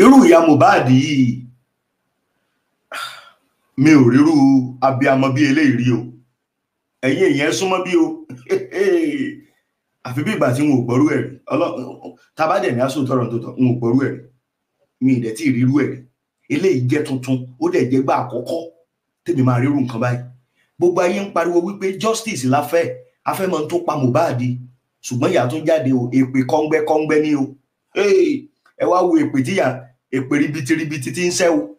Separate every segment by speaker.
Speaker 1: irú ìyá Mohbad yìí mi ò rírú abiyamọ bíi eléyìí rí o ẹ̀yin èèyàn súnmọ́ bí o àfi bí ìgbà tí n ò gbọ́rú ẹ̀ tabadẹ̀mí asòtọ́rọ̀ tó tọ̀ n ò gbọ́rú ẹ̀ mi ì tí ì rírú eléyìí jẹ́ tuntun ó dẹ̀ jẹ́ gbà àkọ́kọ́ tèmi máa rírú nǹkan báyìí gbogbo ayé ń pariwo wípé justice la fẹ́ a fẹ́ mọ tó pa Mohbad ṣùgbọ́n ìyá tó jáde o èpè kọ́ngbẹ́kọ́ngbẹ́ ní o ẹ wá wo èpè tíyà èpè ribiti ribiti tí ń sẹ́ o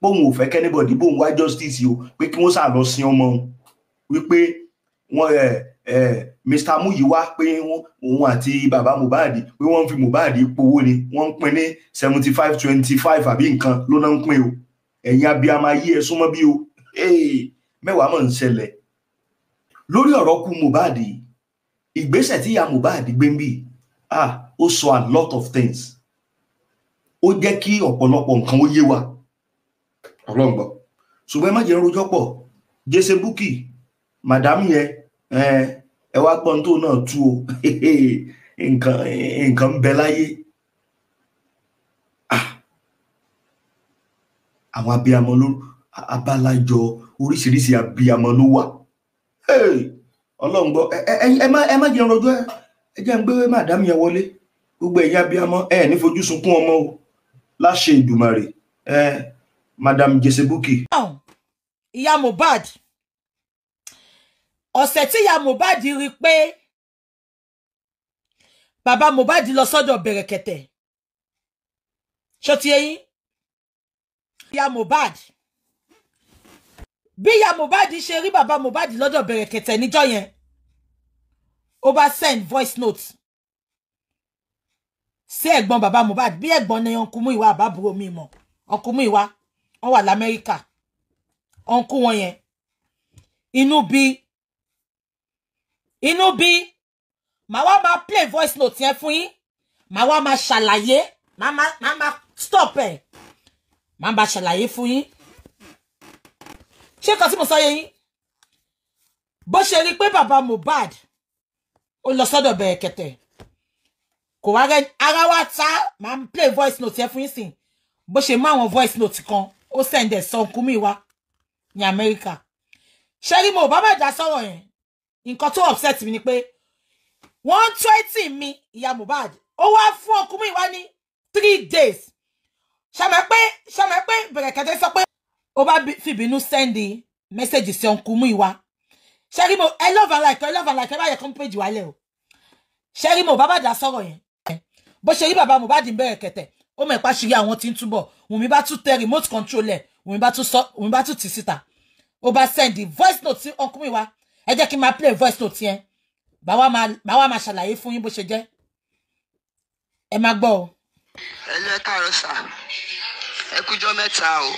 Speaker 1: bóun ò fẹ́ kẹ́nìbọ̀dì bóun wá justice o pé kí wọ́n sà lọ sin ọmọ òun wípé wọ́n ẹ̀ ẹ̀ Mr Muyiwa pé òun àti bàbá Mohbad pé wọ́n fi Mohbad powó ni wọ́n ń pín ní seventy five twenty five àbí nǹkan ló náà ń pín o ẹ̀yin abiyamọ ayé ẹ súnmọ́ bí o mẹ́wàá mọ̀ ń ṣẹlẹ̀ lórí ọ̀rọ̀ kú Mohbad ìgbésẹ̀ tí ìyá Mohbad gbé ń bì ah ó sọ a lot of things ó jẹ́ kí ọ̀pọ̀lọpọ̀ nǹkan ó yé wa ọlọ́run gbọ́ ṣùgbọ́n ẹ má jẹ́ rojọ́ pọ̀ jẹ́sẹ̀ búkì màdámù yẹn ẹ wá gbọ́n tó náà tú o nǹkan ń bẹ láyé ah! àwọn abiyamọ ló abalajọ oríṣiríṣi abiyamọ ló wà ọlọ́run gbọ́ ẹ má jẹ́ rojọ́ ẹ jẹ́ ń gbé màdámù yẹn wọlé gbogbo ẹ̀yin abiyamọ ẹ ní fojú sunkún ọmọ o láṣẹ ìdùmàrè ẹ madam jesebuki.
Speaker 2: ìyá Mohbad ọ̀sẹ̀ tí ìyá Mohbad rí pé bàbá Mohbad lọ sọ́dọ̀ bẹ̀rẹ̀kẹ̀tẹ̀ ṣọtí eyín ìyá Mohbad bí ìyá Mohbad ṣe rí bàbá Mohbad lọ́dọ̀ bẹ̀rẹ̀kẹ̀tẹ̀ níjọ́ yẹn ó bá send voice note sí ẹ̀gbọ́n bàbá Mohbad bí ẹ̀gbọ́n ni ọ̀nkú mú ìwà àbábúrò mi mọ̀ ọ̀nkú mú ìwà wọ́n wà l'Amẹ́ríkà ọ̀nkú wọn yẹn inú bí inú bí màá wá máa play voice note yẹn fún yín màá wá máa ṣàlàyé màá máa stop ẹ̀ màá máa ṣàlàyé fún yín ṣé kan tí mo sọ yẹ yín bó ṣe rí i pé bàbá Mohbad ó lọ sọ́dọ̀ bẹ̀rẹ̀ kẹtẹ̀ kò wá rẹ ara wa ta máa ń play voice note yẹn fún yín sìn bó ṣe mú àwọn voice note kan ó send ẹ̀ sọ nkú mi wá ní Amẹ́ríkà ṣẹ́rí mo bá bàjá sọ̀rọ̀ yẹn nǹkan tó upset mi ni pé wọ́n twenty mi ìyá Mohbad ó wá fún ọkùnrin mi wá ní three days ṣàmẹ́ pé ṣàmẹ́ pé bẹ̀rẹ̀ kẹtẹ́ sọ pé ó bá fìbínú sẹ́ndì mẹ́sẹ̀gì sí ọkùnrin mi wá ṣẹ́rí mo ẹ lọ́ọ̀fà láìpẹ́ ẹ lọ́ọ̀fà láìpẹ́ báyẹn kọ́ńpéjì wálẹ̀ o ṣẹ́rí mo bá bàjá sọ̀rọ̀ yẹn bó ṣe rí bàbá Mohbad ń bẹ̀rẹ̀ kẹ̀tẹ̀ ó mọ̀ ìpa ṣìrí àwọn tí ń túbọ̀ Wùnmí bá tún tẹ remote control ẹ̀ Wùnmí bá tún tì síta ó bá send voice note sí ọkùnrin wa ẹ jẹ́ kí n máa play voice note yẹn bá wa máa ṣàlàyé fún yín bó ṣe jẹ́ ẹ máa gbọ́ o.
Speaker 3: ẹ lọ káàárọ̀ sà ẹ kújọ́ mẹ́ta o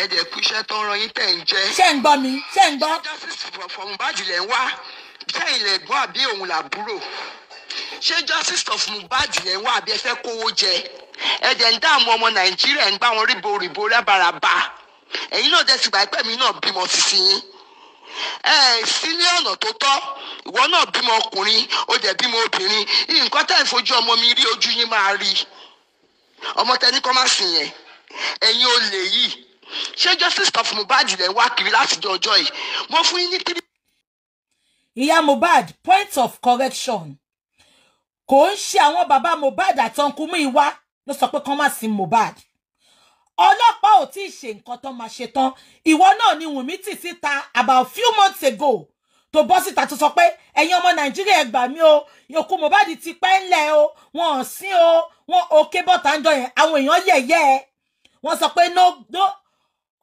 Speaker 3: ẹ jẹ́ kú iṣẹ́ tó ń ran yín tẹ̀ ń jẹ́.
Speaker 2: ṣé ń gbọ́ mi ṣé ń gbọ́. justice
Speaker 3: for Mohbad ń wá ṣé ilẹ̀ gbọ́ àbí òun làbúrò ṣé justice of Mohbad yẹn wà bí ẹ fẹ́ kówó jẹ ẹ dẹ̀ ń dààmú ọmọ Nàìjíríà ń gbá wọn ríbo ríbo rábaraba ẹ̀yin náà dẹ̀ sì gbà pẹ́ mi náà bímọ sísìn yín ẹ sí ní ọ̀nà tó tọ́ ìwọ náà bímọ ọkùnrin ó dẹ̀ bímọ obìnrin nǹkan tẹ́ ìfojú ọmọ mi rí ojú yín máa rí ọmọ tẹni kọ́ máa sìn yẹn ẹ̀yin olè yìí ṣé justice of Mohbad lẹ̀ ń wá kiri látijọ́ ọjọ́ yìí mo fún yín ní three. ìyá Mohbad point
Speaker 2: of correction Ko ń ṣe baba bàbá Mohbad àtọkùnmú ìwá ló sọ pé kán má sin Mohbad ọlọ́pàá ò tí ì ṣe nǹkan tán máa ṣe tán ìwọ náà ni Wùnmí tì síta about few months ago To bọ́ síta tó sọ pé ẹ̀yin ọmọ Nàìjíríà ẹ gbà mí o yòókù Mohbad ti pẹ́ ńlẹ̀ o wọn ò sí o wọn ò ké bọ́ta ń jọ yẹn àwọn èèyàn yẹ̀yẹ́ ẹ no no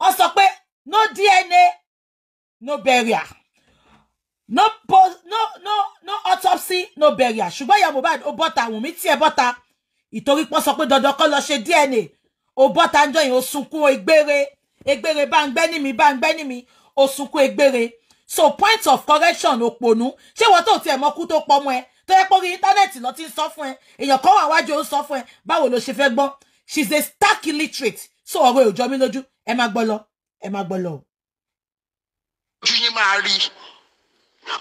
Speaker 2: wọ́n sọ pé no DNA no barrier no post no no no autopsy no burial ṣùgbọ́n ìyá Mohbad ó bọ́ta Wùnmí tí ẹ bọ́ta ìtorí pọ́n sọ pé dandan kọ́ lọ ṣe DNA ó bọ́ta ń jọyìn ó sunkún egbére egbére bá ń gbẹ́ ní mi bá ń gbẹ́ ní mi ó sunkún egbére so point of correction òpònú ṣé wọ́n tó tiẹ̀ mọ́kú tó pọ́mọ ẹ tó yẹ pé orí íńtánẹ́ẹ̀tì lọ ti ń sọ fún ẹ èèyàn kan wà wájú ó ń sọ fún ẹ báwo ló ṣe fẹ́ gbọ́n she a stark illiterate so ọ̀rọ̀ èròjọ́ mi lójú ẹ má gbọ́ lọ ẹ má gbọ́ lọ.
Speaker 3: ojú yín máa rí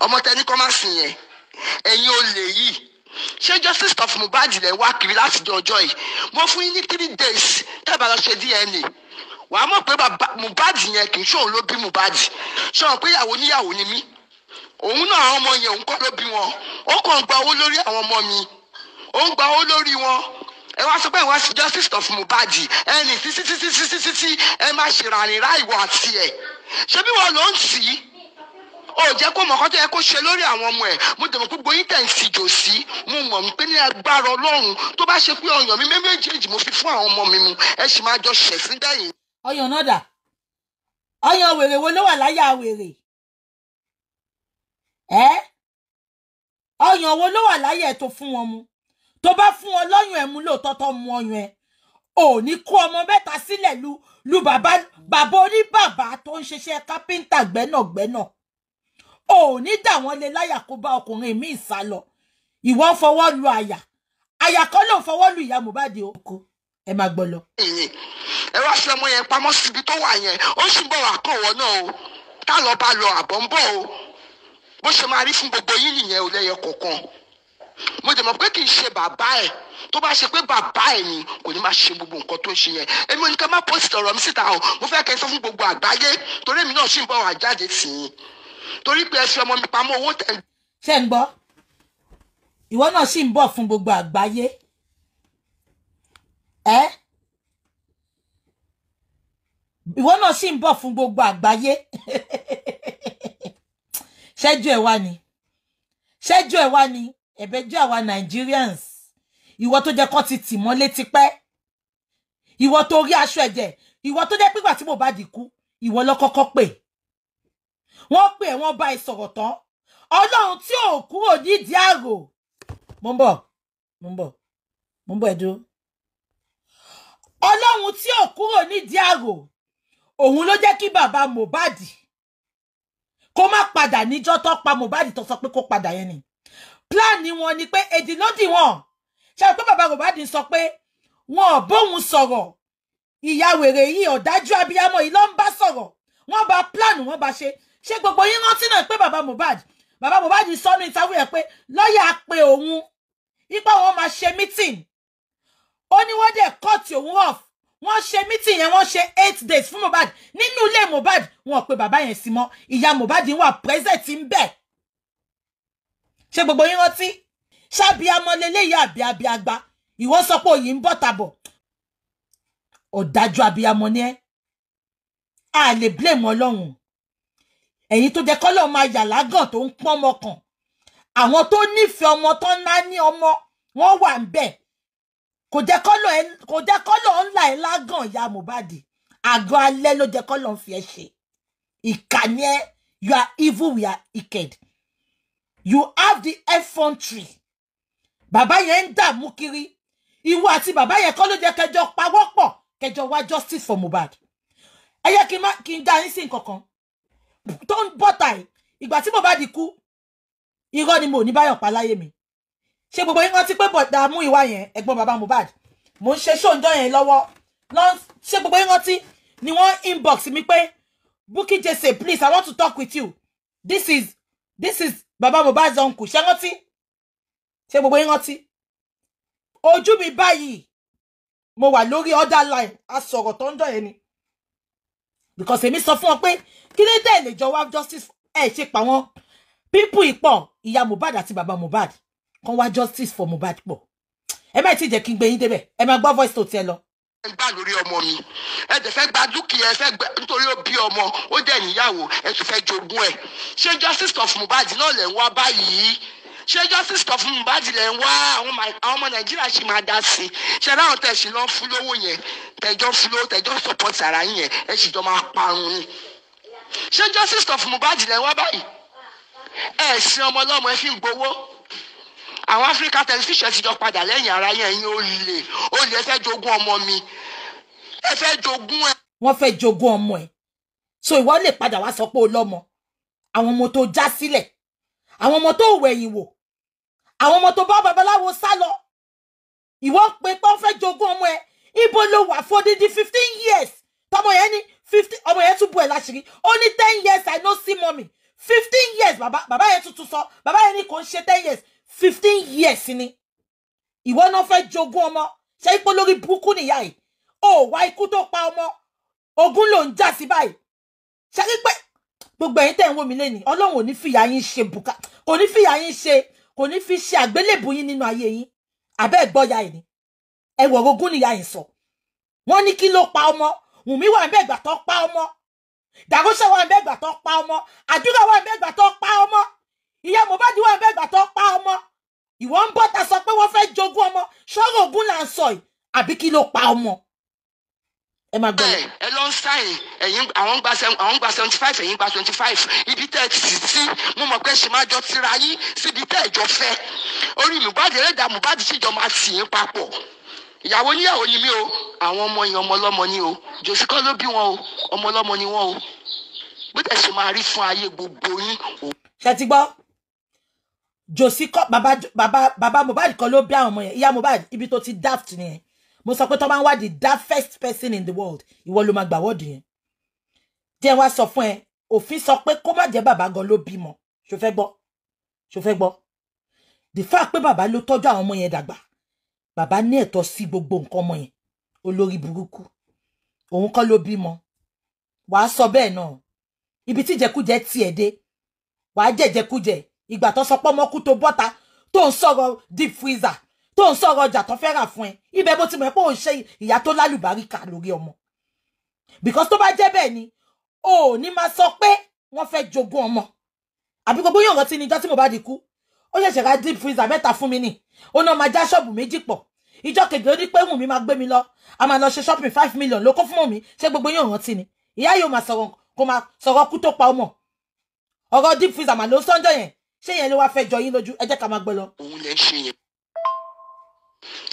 Speaker 3: ọmọ tẹni kọ́ máa sìn yẹn ẹ̀yin olè yìí ṣé justice of Mohbad lẹ wá kiri láti di ọjọ́ yìí mo fún yín ní three days tẹ́ẹ̀bà lọ ṣe DNA wà á mọ̀ pé Mohbad yẹn kì í ṣòun ló bí Mohbad ṣọ̀rọ̀ pé ìyàwó níyàwó ni mí òun náà àwọn ọmọ yẹn òun kọ́ ló bí wọn ó kàn gba owó lórí àwọn ọmọ mi ó ń gba owó lórí wọn ẹ wá sọ pé ìwà justice of Mohbad ẹni títí títí títí títí ẹ má ṣèrànlá ìwọ àti ẹ ṣé bí wọn ló ń tì í o jẹ́ kó mọ̀ kọ́ tó yẹ kó ṣe lórí àwọn ọmọ ẹ̀ mo dẹ̀ mọ̀ pé gbóyin tẹ̀ ń sìjò sí mo mọ̀ pé ní agbára ọlọ́run tó bá ṣe pé ọyàn mi méjèèjì mo fi fún àwọn ọmọ mi mu ẹ sì máa jọ ṣẹ̀ sí dẹ́yìn. ọyàn náà dà ọyàn
Speaker 2: wèrè wo ló wà láyà wèrè ẹ ọyàn wo ló wà láyà ẹ tó fún wọn mu tó bá fún wọn lọ́yàn ẹ mú lóòótọ́ tó mu ọyàn ẹ ò ní kó ọmọ mẹ́ta sílẹ̀ lu lu bàbá bàbá oníbàbà tó ń ṣiṣẹ́ kápẹ́ńtà gbẹ́nàgbẹ́nà ò ní dà wọ́n lé láyà kó bá ọkùnrin míì sá lọ ìwọ ń lu àyà àyà kan ló ń fọwọ́ lu ìyá Mohbad oko ẹ máa gbọ́ lọ.
Speaker 3: ẹ wá fi ọmọ yẹn pamọ́ síbi tó wà yẹn ó sì ń bọ̀ wá kàn wọ́n náà o tá lọ́ọ́ bá lọ àbọ̀ ń bọ̀ o bó ṣe máa rí fún gbogbo yín nìyẹn ò lẹ́yẹ kọ̀ọ̀kan mo dẹ̀ mọ̀ pé kì í ṣe bàbá ẹ̀ tó bá ṣe pé bàbá ẹ̀ ni kò ní máa ṣe gbogbo nǹkan tó ń ṣe yẹn èmi ò ní ká má post ọ̀rọ̀ mi síta o mo fẹ́ kẹ́ sọ fún gbogbo àgbáyé torí èmi náà ṣì ń bọ̀ wá jáde sí i torí pé ẹ fi ọmọ mi pamọ́ owó tẹ̀. ṣé ń gbọ́
Speaker 2: ìwọ náà sì ń bọ̀ fún gbogbo àgbáyé ẹ ìwọ náà sì ń bọ̀ fún gbogbo àgbáyé ṣẹ́jú ẹ̀ wá ni ṣẹ́jú ẹ̀ wá ni ẹ̀bẹ̀jú àwa Nigerians ìwọ tó jẹ́ kó ti tì mọ́lé tipẹ́ ìwọ tó rí aṣọ ẹ̀jẹ̀ ìwọ tó jẹ́ pígbà tí Mohbad kú ìwọ ló kọ́kọ́ pè wọ́n pè wọ́n bá ẹ sọ̀rọ̀ tán ọlọ́run tí ò kúrò nídìí àrò mo ń bọ̀ mo ń bọ̀ mo ń bọ̀ ẹ dúró ọlọ́run tí ò kúrò nídìí àrò òun ló jẹ́ kí bàbá Mohbad kó má padà níjọ́ tó pa Mohbad tó sọ pé kó padà yẹn ni pílánì wọn ni pé èdè ló dì wọn ṣe pé bàbá Mohbad sọ pé wọn ò bóun sọ̀rọ̀ ìyá wèrè yìí ọ̀dájú abiyamọ yìí ló ń bá sọ̀rọ̀ wọ́n bá plan wọ́n bá ṣe ṣé gbogbo yín rántí náà pé Baba Mohbad bàbá Mohbad sọ ní interview ẹ̀ pé lọ́ọ̀yà pé òun ipa wọn máa ṣe meeting ó ní wọ́n dẹ̀ cut òun off wọ́n ṣe meeting yẹn wọ́n ṣe eight days fún Mohbad nínú ilé Mohbad wọn pe Baba yẹn sí mọ́ ìyá Mohbad wà present ń bẹ̀ ṣé gbogbo yín rántí ṣáàbí amọ̀lélẹ́yà àbí àbí àgbà ìwọ sọ pé òyìn ń bọ̀ tàbọ̀ ọ̀dájú abiyamọ ni ẹ́ a lè blame ọlọ́run ẹ̀yin tó jẹ́ kọ́lọ́ máa yà lágàn tó ń pọ́n ọmọ kan àwọn tó nífẹ̀ẹ́ ọmọ tó ń ná ní ọmọ wọ́n wà ń bẹ̀ kò jẹ́ kọ́lọ́ ẹ kò jẹ́ kọ́lọ́ ńlá ẹ lágàn ìyá Mohbad àgọ́ alẹ́ ló jẹ́ kọ́lọ́ ń fi ẹ ṣe ìkànnì ẹ you are evil we are wicked you have the effrontery bàbá yẹn ń dààmú kiri ìwọ àti bàbá yẹn kọ́ ló jẹ́ kẹjọ pawọ́pọ̀ kẹjọ wá justice for Mohbad ẹ yẹ kí n dá yín sí nǹkan kan tó ń bọ́tà ẹ̀ ìgbà tí Mohbad kú irọ́ ni mo ní báyọ̀ pa láyé mi ṣé gbogbo yín rántí pé bọ̀dà mú ìwà yẹn ẹ̀gbọ́n bàbá Mohbad mò ń ṣe ṣóńjọ́ yẹn lọ́wọ́ ṣé gbogbo yín rántí ni wọ́n inbox mi pé Bukky Jesse please I want to talk with you this is this is bàbá Mohbad's uncle ṣé rántí ṣé gbogbo yín rántí ojú mi báyìí mo wà lórí order line asọ̀rọ̀ tó ń dọ̀ yẹn ni because èmi sọ fún wọn pé kí ló dé lè jọ wá justice ẹ ṣe pa wọn people ìpọ̀ ìyá Mohbad àti Baba Mohbad kan wá justice for Mohbad pọ̀ ẹ má ti jẹ́ kí n gbé yín débẹ̀ ẹ má gbọ́ voice tó tiẹ̀ lọ.
Speaker 3: ẹ gbà lórí ọmọ mi ẹ dẹ̀ fẹ́ gba dúkìá ẹ fẹ́ gbà nítorí ó bí ọmọ ó dẹ̀ níyàwó ẹ tún fẹ́ jogún ẹ ṣé justice of Mohbad náà lè ń wá ṣé justice tó fún Mohbad lẹ̀ ń wá àwọn ọmọ Nàìjíríà ṣì máa dá sí i ṣe láwọn tẹ̀sí lọ́ fún lówó yẹn tẹ̀jọ́ fún lówó tẹ̀jọ́ support ara yín yẹn ẹ̀ sì jọ máa parun ni ṣé justice tó fún Mohbad lẹ̀ ń wá báyìí ẹ̀ sin ọmọ ọlọ́mọ ẹ fi ń gbowó àwọn Africa television ti jọ padà lẹ́yìn ara yẹn ẹ̀yin ó lè ó lè fẹ́ jogún ọmọ mi ẹ fẹ́ jogún ẹ.
Speaker 2: wọ́n fẹ́ jogún ọmọ ẹ̀ so ìwọ lè padà wá sọ pé o lọ́mọ àwọn ọmọ tó já sílẹ̀ àwọn ọmọ tó wẹ̀yìn wò àwọn ọmọ tó bá babaláwo sá lọ ìwọ ń pe pé wọn fẹ́ jogún ọmọ ẹ ibo ló wà fódìdí fifteen years tọmọ yẹn ní fifteen ọmọ yẹn tún bu ẹ láṣìírí ó ní ten years i no see mommy fifteen years baba baba yẹn tuntun sọ bàbá yẹn ní kò ń ṣe ten years fifteen years ni ìwọ náà fẹ́ jogún ọmọ ṣe ipò lórí burúkú nìyá yìí ó wá ikú tó pa ọmọ ogun ló ń jà sí báyìí ṣe pé gbogbo ẹ̀yin tẹ̀ ń wò mí lẹ́nìí ọlọ́run ò ní fìyà yín ṣe bùkà kò ní fìyà yín ṣe kò ní fi ṣe àgbélébù yín nínú ayé yín àbẹ́ ẹ̀gbọ́ya ẹ̀ ni ẹ̀wọ̀ ogún nìyá yìí sọ wọ́n ní kí ló pa ọmọ wùmí wà níbẹ̀ ìgbà tó pa ọmọ dàgóṣà wà níbẹ̀ ìgbà tó pa ọmọ àdúrà wà níbẹ̀ ìgbà tó pa ọmọ ìyá Mohbad wà níbẹ̀ ìgbà tó pa ọmọ ìwọ ń bọ́ta sọ pé wọ́n fẹ́ jogún ọmọ ṣọ́rọ̀ ogún là ń sọ yìí àbí kí ló pa ọmọ ẹ máa gbọ́.
Speaker 3: ẹ lọ sáyìn ẹ̀yin àwọn gba àwọn gba seventy five ẹ̀yin gba twenty five ibi tẹ́ ẹ ti sì sí mo mọ̀ pé ṣe máa jọ tira yín síbi tẹ́ ẹ jọ fẹ́ orí Mohbad ẹlẹ́dàá Mohbad ṣèjọ máa tì yín papọ̀ ìyàwó níyàwó ni mí o àwọn ọmọ yẹn ọmọ ọlọ́mọ ni o jòsí ló bí wọn o ọmọ ọlọ́mọ ni wọn o bó tẹ̀ ṣe máa rí fún ayé gbogbo yín. ṣe ti gbọ́
Speaker 2: jòsí bàbá bàbá Mohbad kọ́ ló bí àwọn ọmọ yẹn ìyá Mohbad ibi tó ti daft nìyẹn mo sọ pé tó bá ń wádìí that first person in the world ìwọ ló máa gbàwọ́dì yẹn jẹ́ wá sọ fún ẹ òfin sọ pé kó má jẹ́ bàbá gan ló bímọ ṣó fẹ́ gbọ́ ṣó fẹ́ gbọ́ the fact pé bàbá ló tọ́jú àwọn ọmọ yẹn dàgbà bàbá ní ẹ̀tọ́ sí gbogbo nǹkan ọmọ yẹn olórí burúkú òun kọ́ ló bímọ wàá sọ bẹ́ẹ̀ náà ibi tí jẹkújẹ tiẹ̀ dé wàá jẹjẹkújẹ ìgbà tó sọ pé ọmọkú tó bọ́ta tó ń sọ̀rọ̀ deep freezer tó ń sọ̀rọ̀ ọjà tó fẹ́ rà fún ẹ ibẹ̀ bó ti mọ̀ pé ò ń ṣe ìyá tó lálùbáríkà lórí ọmọ because tó bá jẹ́ bẹ́ẹ̀ ni o ò ní máa sọ pé wọ́n fẹ́ jogún ọmọ àbí gbogbo yóò rántí níjọ́ tí mo bá di kú ó ṣẹ̀ṣẹ̀ ra deep freezer mẹ́ta fún mi ni. ó náà máa já ṣọ́ọ̀bù méjì pọ̀ ìjọ kejì ó ní pé wùn mi máa gbé mi lọ a máa lọ ṣe shopping five million ló kó fún mi ṣé gbogbo yóò rántí ni ìyá yóò máa sọ̀rọ̀ kó máa sọ̀rọ̀ kú tó pa ọmọ ọ̀rọ̀ deep freezer mà ló ń sọ́njọ́ yẹn ṣé yẹn ló wá fẹ́ jọ yín lójú ẹ jẹ́ ká máa gbé lọ.
Speaker 3: òun lè ṣe yẹn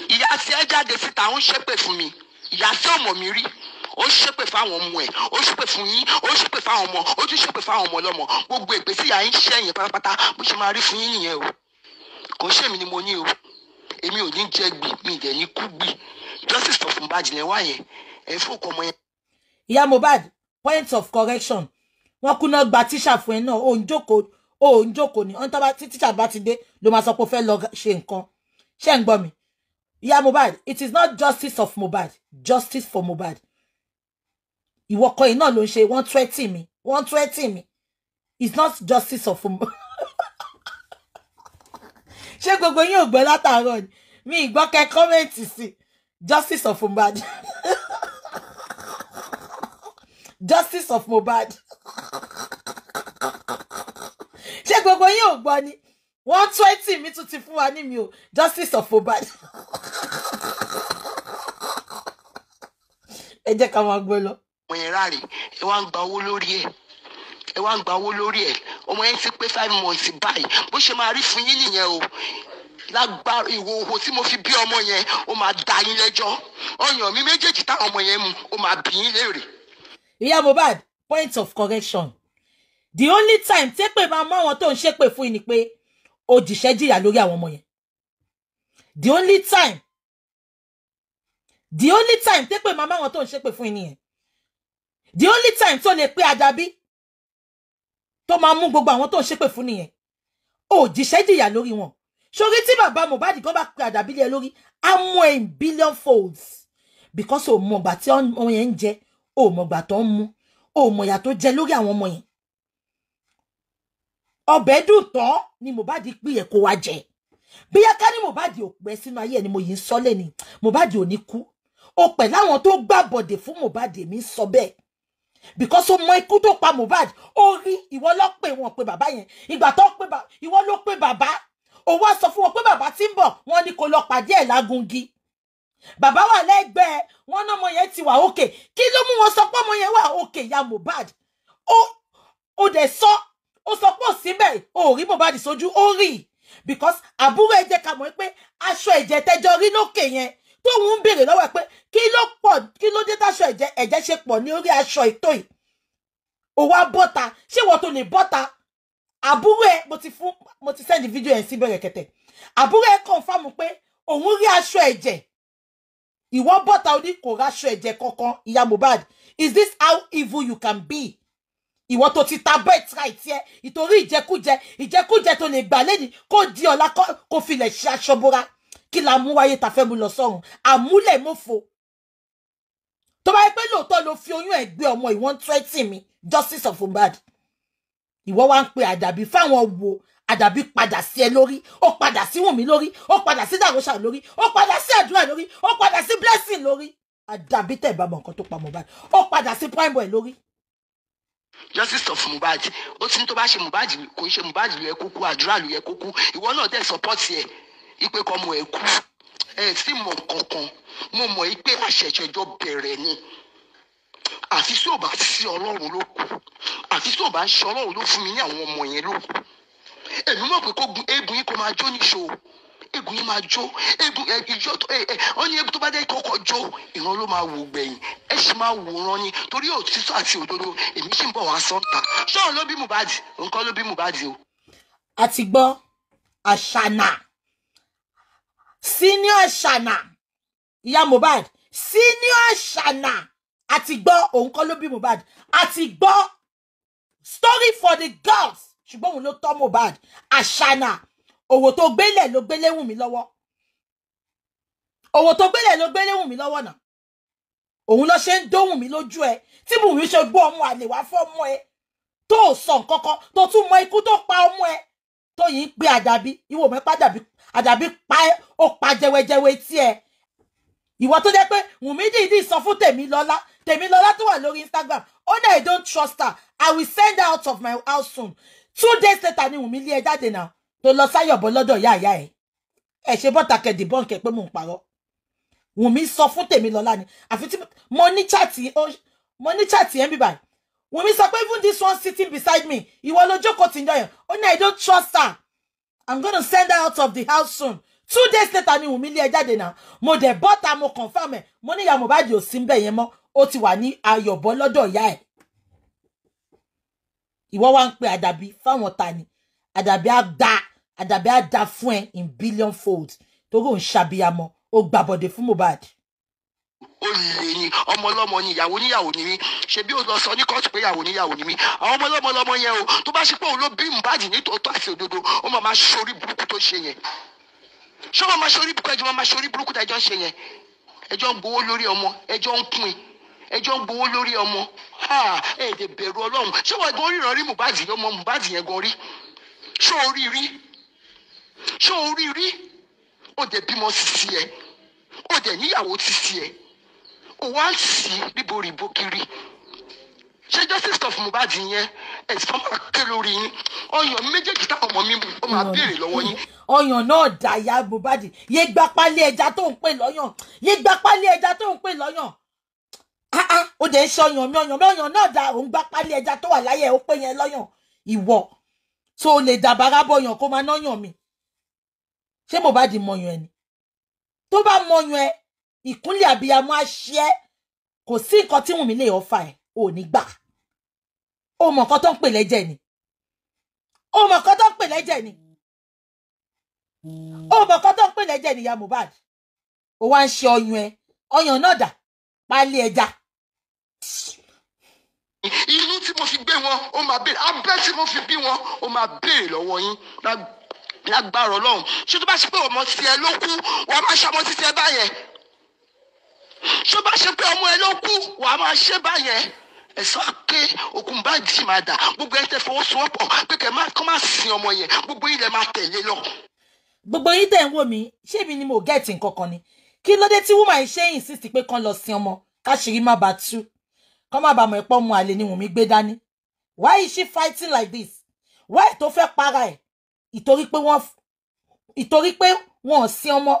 Speaker 3: ìyá tí ẹ jáde síta ó ń ṣépè fún mi ìyá tí ò mọ̀ rí ó ṣépè fáwọn ọmọ ẹ ó ṣépè fún yín ó ṣépè fáwọn ọmọ ó tún ṣépè fáwọn ọmọ ọlọ́mọ gbogbo ìpè tí ìyá yín ṣẹ̀yìn pátápátá bó ṣe máa rí fún yín nìyẹn o kò ṣèmi ni mo ní o èmi ò ní jẹ gbì mi ìdẹ̀ ní kú gbì justice tó fún bàjẹ́ lẹ́wà yẹn ẹ fún ọkọ ọmọ yẹn.
Speaker 2: ìyá Mohbad point of correction wọn kúná gba tíṣà fún ẹ náà ò ń jókòó ò ń jókòó ni ọ̀n tí tíṣà bá ti dé ló máa sọ pé ó fẹ́ lọ ṣe nǹkan ṣé ń gbọ́ mi Yeah, Mubad. it is not justice of Mubad. justice for Mubad. ìwọ kọ́ iná ló ń ṣe wọ́n twenty me. wọ́n twenty me. it's not justice of Mohbad ṣé go yín ò gbọ́ látàárọ̀ ni mi ìgbọ́ comment. See, justice of Mubad. justice of Mubad. She go go you gbọ́ ni one twenty mi tún ti fún wa mi o justice of Mubad. ẹ jẹ́ ká máa gbọ́ lọ.
Speaker 3: ọmọ yẹn ráre ẹ wá ń gba owó lórí ẹ ẹ wá ń gba owó lórí ẹ ọmọ yẹn ti pé five months báyìí bó ṣe máa rí fún yín nìyẹn o lágbára ìwòho tí mo fi bí ọmọ yẹn ó máa dá yín lẹ́jọ́ ọyàn mi méjèèjì táwọn ọmọ yẹn mu ó máa bí yín léèrè.
Speaker 2: ìyá Mohbad point of correction the only time tẹ́pẹ̀ máa mọ àwọn tó ń ṣépè fún yín ni pé òjìṣẹ́ jìyà lórí àwọn ọmọ yẹn the only time the only time tẹ́ pé màmá wọn tó ń ṣépè fún yín the only time tó lè pé àdàbí tó máa mú gbogbo àwọn tó ń ṣépè fún nìyẹn ò jíṣẹ́ jìyà lórí wọn sórí tí bàbá Mohbad kan bá pe àdàbí lé lórí á mú billion folds because o mọ ọgbà tí ọmọ yẹn ń jẹ ò mọ ọgbà tó ń mú ò mọ ìyà tó jẹ lórí àwọn ọmọ yẹn ọbẹ̀ dùn tán ni Mohbad pè é kó wá jẹ bíyá ká ní Mohbad ò pẹ́ sínú ayé ẹ̀ ni mo yìí ń sọ lẹ́ni Mohbad ò ní kú o pẹ̀ láwọn tó gbàbọ̀dè fún Mohbad èmi sọ bẹ́ẹ̀ because o mọ ikú tó pa Mohbad ó rí ìwọ ló pè wọn pé bàbá yẹn ìgbà tó pè bàbá ìwọ ló pè bàbá ó wá sọ fún wọn pé bàbá ti ń bọ̀ wọ́n ní kó lọ pàdé ẹ̀ lágungi bàbá wà lẹ́gbẹ̀ẹ́ wọn náà ọmọ yẹn ti wà òkè kí ló mú wọn sọ pé ọmọ yẹn wà òkè ya Mohbad ó ó dẹ̀ sọ ó sọ pé síbẹ̀ ó rí Mohbad sójú ó rí because àbúrò ẹ̀ jẹ́ ká mọ̀ pé aṣọ ẹ̀jẹ̀ tẹjọ rí lókè yẹn tóun ń béèrè lọ́wọ́ ẹ̀ pé kí ló pọ̀ kí ló dé táṣọ ẹ̀jẹ̀ ẹ̀jẹ̀ ṣe pọ̀ ní orí aṣọ ètò yìí òwa bọ́ta ṣé wọ́n tó lè bọ́ta àbúrò ẹ̀ mo ti fún mo ti sẹ́ndì fídíò ẹ̀ sí bẹ̀rẹ̀ kẹ̀tẹ̀ àbúrò ẹ̀ kọ̀ǹfàmù pé òun rí aṣọ ẹ̀jẹ̀ ìwọ bọ́ta oní kò ráṣọ ẹ̀jẹ̀ kankan ìyá Mohbad is this how evil you can be ìwọ tó ti ta bẹ́ẹ̀ tra ìtì ẹ ìtorí ìjẹkújẹ ìjẹkújẹ tó lè gbà lẹ́ni kó di ọ̀la kó filẹ̀ ṣe aṣọ bóra kí la mú wáyé ta fẹ́ mu lọ sọ́run àmúlẹ̀ mọ́fo tó bá yẹ pé lóòótọ́ ló fi oyún ẹ̀ gbé ọmọ ìwọ́n tẹ́tì mi justice of Mohbad ìwọ wá ń pe àdàbí fáwọn wo àdàbí padà sí ẹ lórí ó padà sí wùnmí lórí ó padà sí dàgọ́sà lórí ó padà sí àdúrà lórí ó padà sí blessing lórí àdàbí tẹ̀ bá mọ̀ nǹkan tó pa Mohbad ó padà sí prime boy lórí
Speaker 3: justice of Mohbad ó ti ní tó bá ṣe Mohbad kò ń ṣe Mohbad ló yẹ àdúrà ló yẹ ìwọ náà dẹ̀ support yẹ ipe kọ́mọ ẹ̀ kú ẹ̀ sì mọ̀ kankan mo mọ̀ ipe àṣẹ̀ṣẹ̀jọ bẹ̀rẹ̀ ni àfi tí ò bá sí ọlọ́run ló kù àfi tí ò bá ń ṣe ọlọ́run ló fún mi ní àwọn ọmọ yẹn ló kù èmi mọ̀ pé kó gun eégún yìí kó máa jó níṣó eégún yìí máa jó eégún ìjọ tó ẹ ẹ wọn ní eégún tó bá jẹ́ kọ́kọ́ jó ìran ló máa wò gbẹ̀yìn ẹ sì máa wòran ni torí òtítọ́ àti òdodo èmi sì ń bọ̀ wá sọ́ta ṣọ́ọ̀ ló bí Mohbad nǹkan ló bí Mohbad o. a ti gbọ́ àṣànà
Speaker 2: senior Shana, ìyá Mohbad senior Shana, àti gbọ́ òun kọ́ ló bí Mohbad àti gbọ́ story for the girls ṣùgbọ́n òun ló tọ́ Mohbad àṣànà òwò tó gbélé ló gbélé wù mí lọ́wọ́ òwò tó gbélé ló gbélé wù mí lọ́wọ́ náà òun ló ṣe ń dóhùn mí lójú ẹ tí mò ń ṣe gbọ́ ọmọ àlè wá fọ́ ọmọ ẹ tó sọ nǹkan kan tó tún mọ ikú tó pa ọmọ ẹ tóyìn pé àjàbí ìwọ mẹ́pà àjàbí àjàbí pa ẹ́ ó pa jẹwẹjẹwẹ tí ẹ ìwọ tó jẹ́ pé wùmí dìídì sọ fún tèmílọ́lá tèmílọ́lá tó wà lórí instagram ó náà i don't trust her i will send her out of my house soon two days later ni wùmí lé ẹ jáde náà tó lọ sáyọ̀bọ̀ lọ́dọ̀ ìyá ìyá ẹ̀ ẹ̀ ṣe bọ́ta kẹ̀dì bọ́ǹkẹ̀ pé mò ń parọ́ wùmí sọ fún tèmílọ́lá ni àfi tí mo ní chaati mo ní chaati ẹ̀ bíbáyìí We sọ pé even this one sitting beside me He ló jókòó tí ń jọyàn ó I don't trust her I'm gonna send her out of the house soon two days later ni Wunmi lé ẹ e jáde mo dẹ̀ bọ́ta mo confam ẹ̀ mo ní ìyá Mohbad ò sí bẹ́ẹ̀ yẹn mọ́ ó ti wà ní ayọ̀bọ lọ́dọ̀ ìyá ẹ̀ ìwọ wá ń adabi àdàbí fáwọn ta ni da àdàbí á da fún in billion fold tó kò ń ṣàbíyamọ ó gbàbọ̀dẹ̀ fún Mohbad
Speaker 3: ó lè ní ọmọ ọlọ́mọ ni ìyàwó níyàwó ni mí ṣebí ó lọ sọ ní kóòtù pé ìyàwó níyàwó ni mí àwọn ọmọ ọlọ́mọ ọlọ́mọ yẹn o tó bá ṣe pé òun ló bí Mohbad ní tòótọ́ àti òdodo ó máa máa ṣorí burúkú tó ṣe yẹn ṣé wọn máa ṣorí burúkú ẹjọ máa ṣorí burúkú tẹjọ ṣe yẹn ẹjọ ń gbowó lórí ọmọ ẹjọ ń pin ẹjọ ń gbowó lórí ọmọ ẹ̀ẹ́dẹ̀ bẹ̀rù Ọlọ́run ṣé wọn gan o rí rí ṣé o rí rí ó dẹ̀ ó wá sí bíboríbo kiri ṣé justice of Mohbad yẹn ẹ̀sán máa ké lórí yín ọyàn méjèèjì táwọn ọmọ mi ó máa béèrè lọ́wọ́ yín.
Speaker 2: ọyàn náà dàyà Mohbad yé gba pálí ẹja tó ń pè lọ́yàn yé gba pálí ẹja tó ń pè lọ́yàn ah, ah, ó dẹ̀ ń ṣe ọyàn mi ọyàn mi ọyàn náà dà òun gba pálí ẹja tó wà láyẹ̀ ó pè yẹn lọ́yàn ìwọ tó o lè dàbàrà bọyàn kó máa náyàn mi ṣé Mohbad mọyàn ẹ ni tó bá mọyàn ẹ ìkúnlẹ̀ àbíyamọ àṣẹ kò sí nǹkan tí wùnmí lè ọfà ẹ ò ní gbà ó mọ nǹkan tó ń pè lẹ́jẹ̀ ni ó mọ nǹkan tó ń pè lẹ́jẹ̀ ni ó mọ nǹkan tó ń pè lẹ́jẹ̀ ni ìyá Mohbad ó wá ń ṣe ọyàn ẹ ọyàn náà dà
Speaker 3: pálí ẹja ilé tí mo fi gbé wọn ó máa béèrè abẹ́ tí mo fi bí wọn ó máa béèrè lọ́wọ́ yín lágbára ọlọ́run ṣé tó bá ṣe pé ọmọ tiẹ̀ ló kú wọ́n máa ṣe ọmọ títí ẹ báyẹn ṣó bá ṣe pé ọmọ ẹ ló kú wà á máa ṣe báyẹn ẹ̀sán ké okùn bá jì máa dà gbogbo ẹ̀ tẹ fọwọ́sowọ́pọ̀ pé kẹ́ máa kọ́ máa sin ọmọ yẹn gbogbo ilẹ̀ máa tẹ̀lé lọ.
Speaker 2: gbogbo yín tẹ̀ ń wò mí ṣé èmi ni mo gẹ̀ẹ́tì nǹkan ni kí ló tí woman yìí ṣe insist pé kán lọ sin ọmọ káṣírí má bàa tú kán má bàa mọ̀ ẹ̀pọ̀ mu àlè ni Wùnmí gbé dání why is she fighting like this why tó fẹ́ para ẹ̀ ìtorí pé wọ́n ìtorí pé wọ́n sin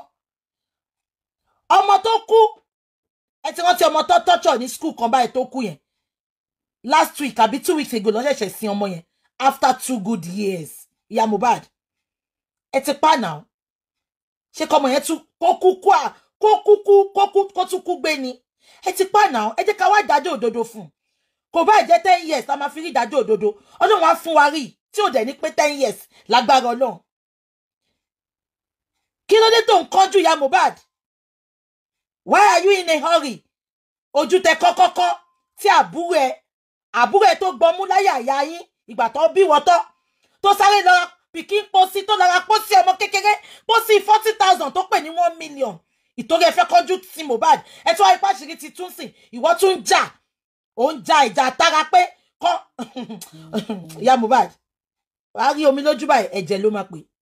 Speaker 2: ẹ ti rántí ọmọ tó tọ́jọ̀ ní skul kan báyìí tó kú yẹn last week àbí two weeks ago lọ́n ṣẹ̀ṣẹ̀ sin ọmọ yẹn after two good years ìyá Mohbad ẹ ti pa náà ṣe kọ́ ọmọ yẹn tún kó kú kú à kó kú kú kó kú kó tún kú gbé ni ẹ ti pa náà ẹ jẹ́ ká wá ìdájọ́ òdodo fún un kò bá jẹ́ ten years a máa fi rí ìdájọ́ òdodo ọlọ́run á fún wa rí tí ò dẹ̀ ní pé ten years lágbára ọlọ́run kí ló dé tó ń kánjú ìyá Mohbad why are you in a hurry ojú tẹ kọ́kọ́kọ́ tí àbúrò ẹ àbúrò ẹ tó gbọmú láyà àyà yín ìgbà tó bí wọ́tọ́ tó sáré lọ pikin pósí tó lọ́ra pósí ọmọ kékeré pósí forty thousand tó pè ní one million ìtorí ẹ fẹ́ kọjú sí Mohbad ẹ tí wọ́n ipá ṣìírí ti tún sìn ìwọ tún ń jà ò ń ja ìjà tara pé kọ́ ìyá Mohbad wàá rí omi lójú báyìí ẹ̀jẹ̀ ló máa pè é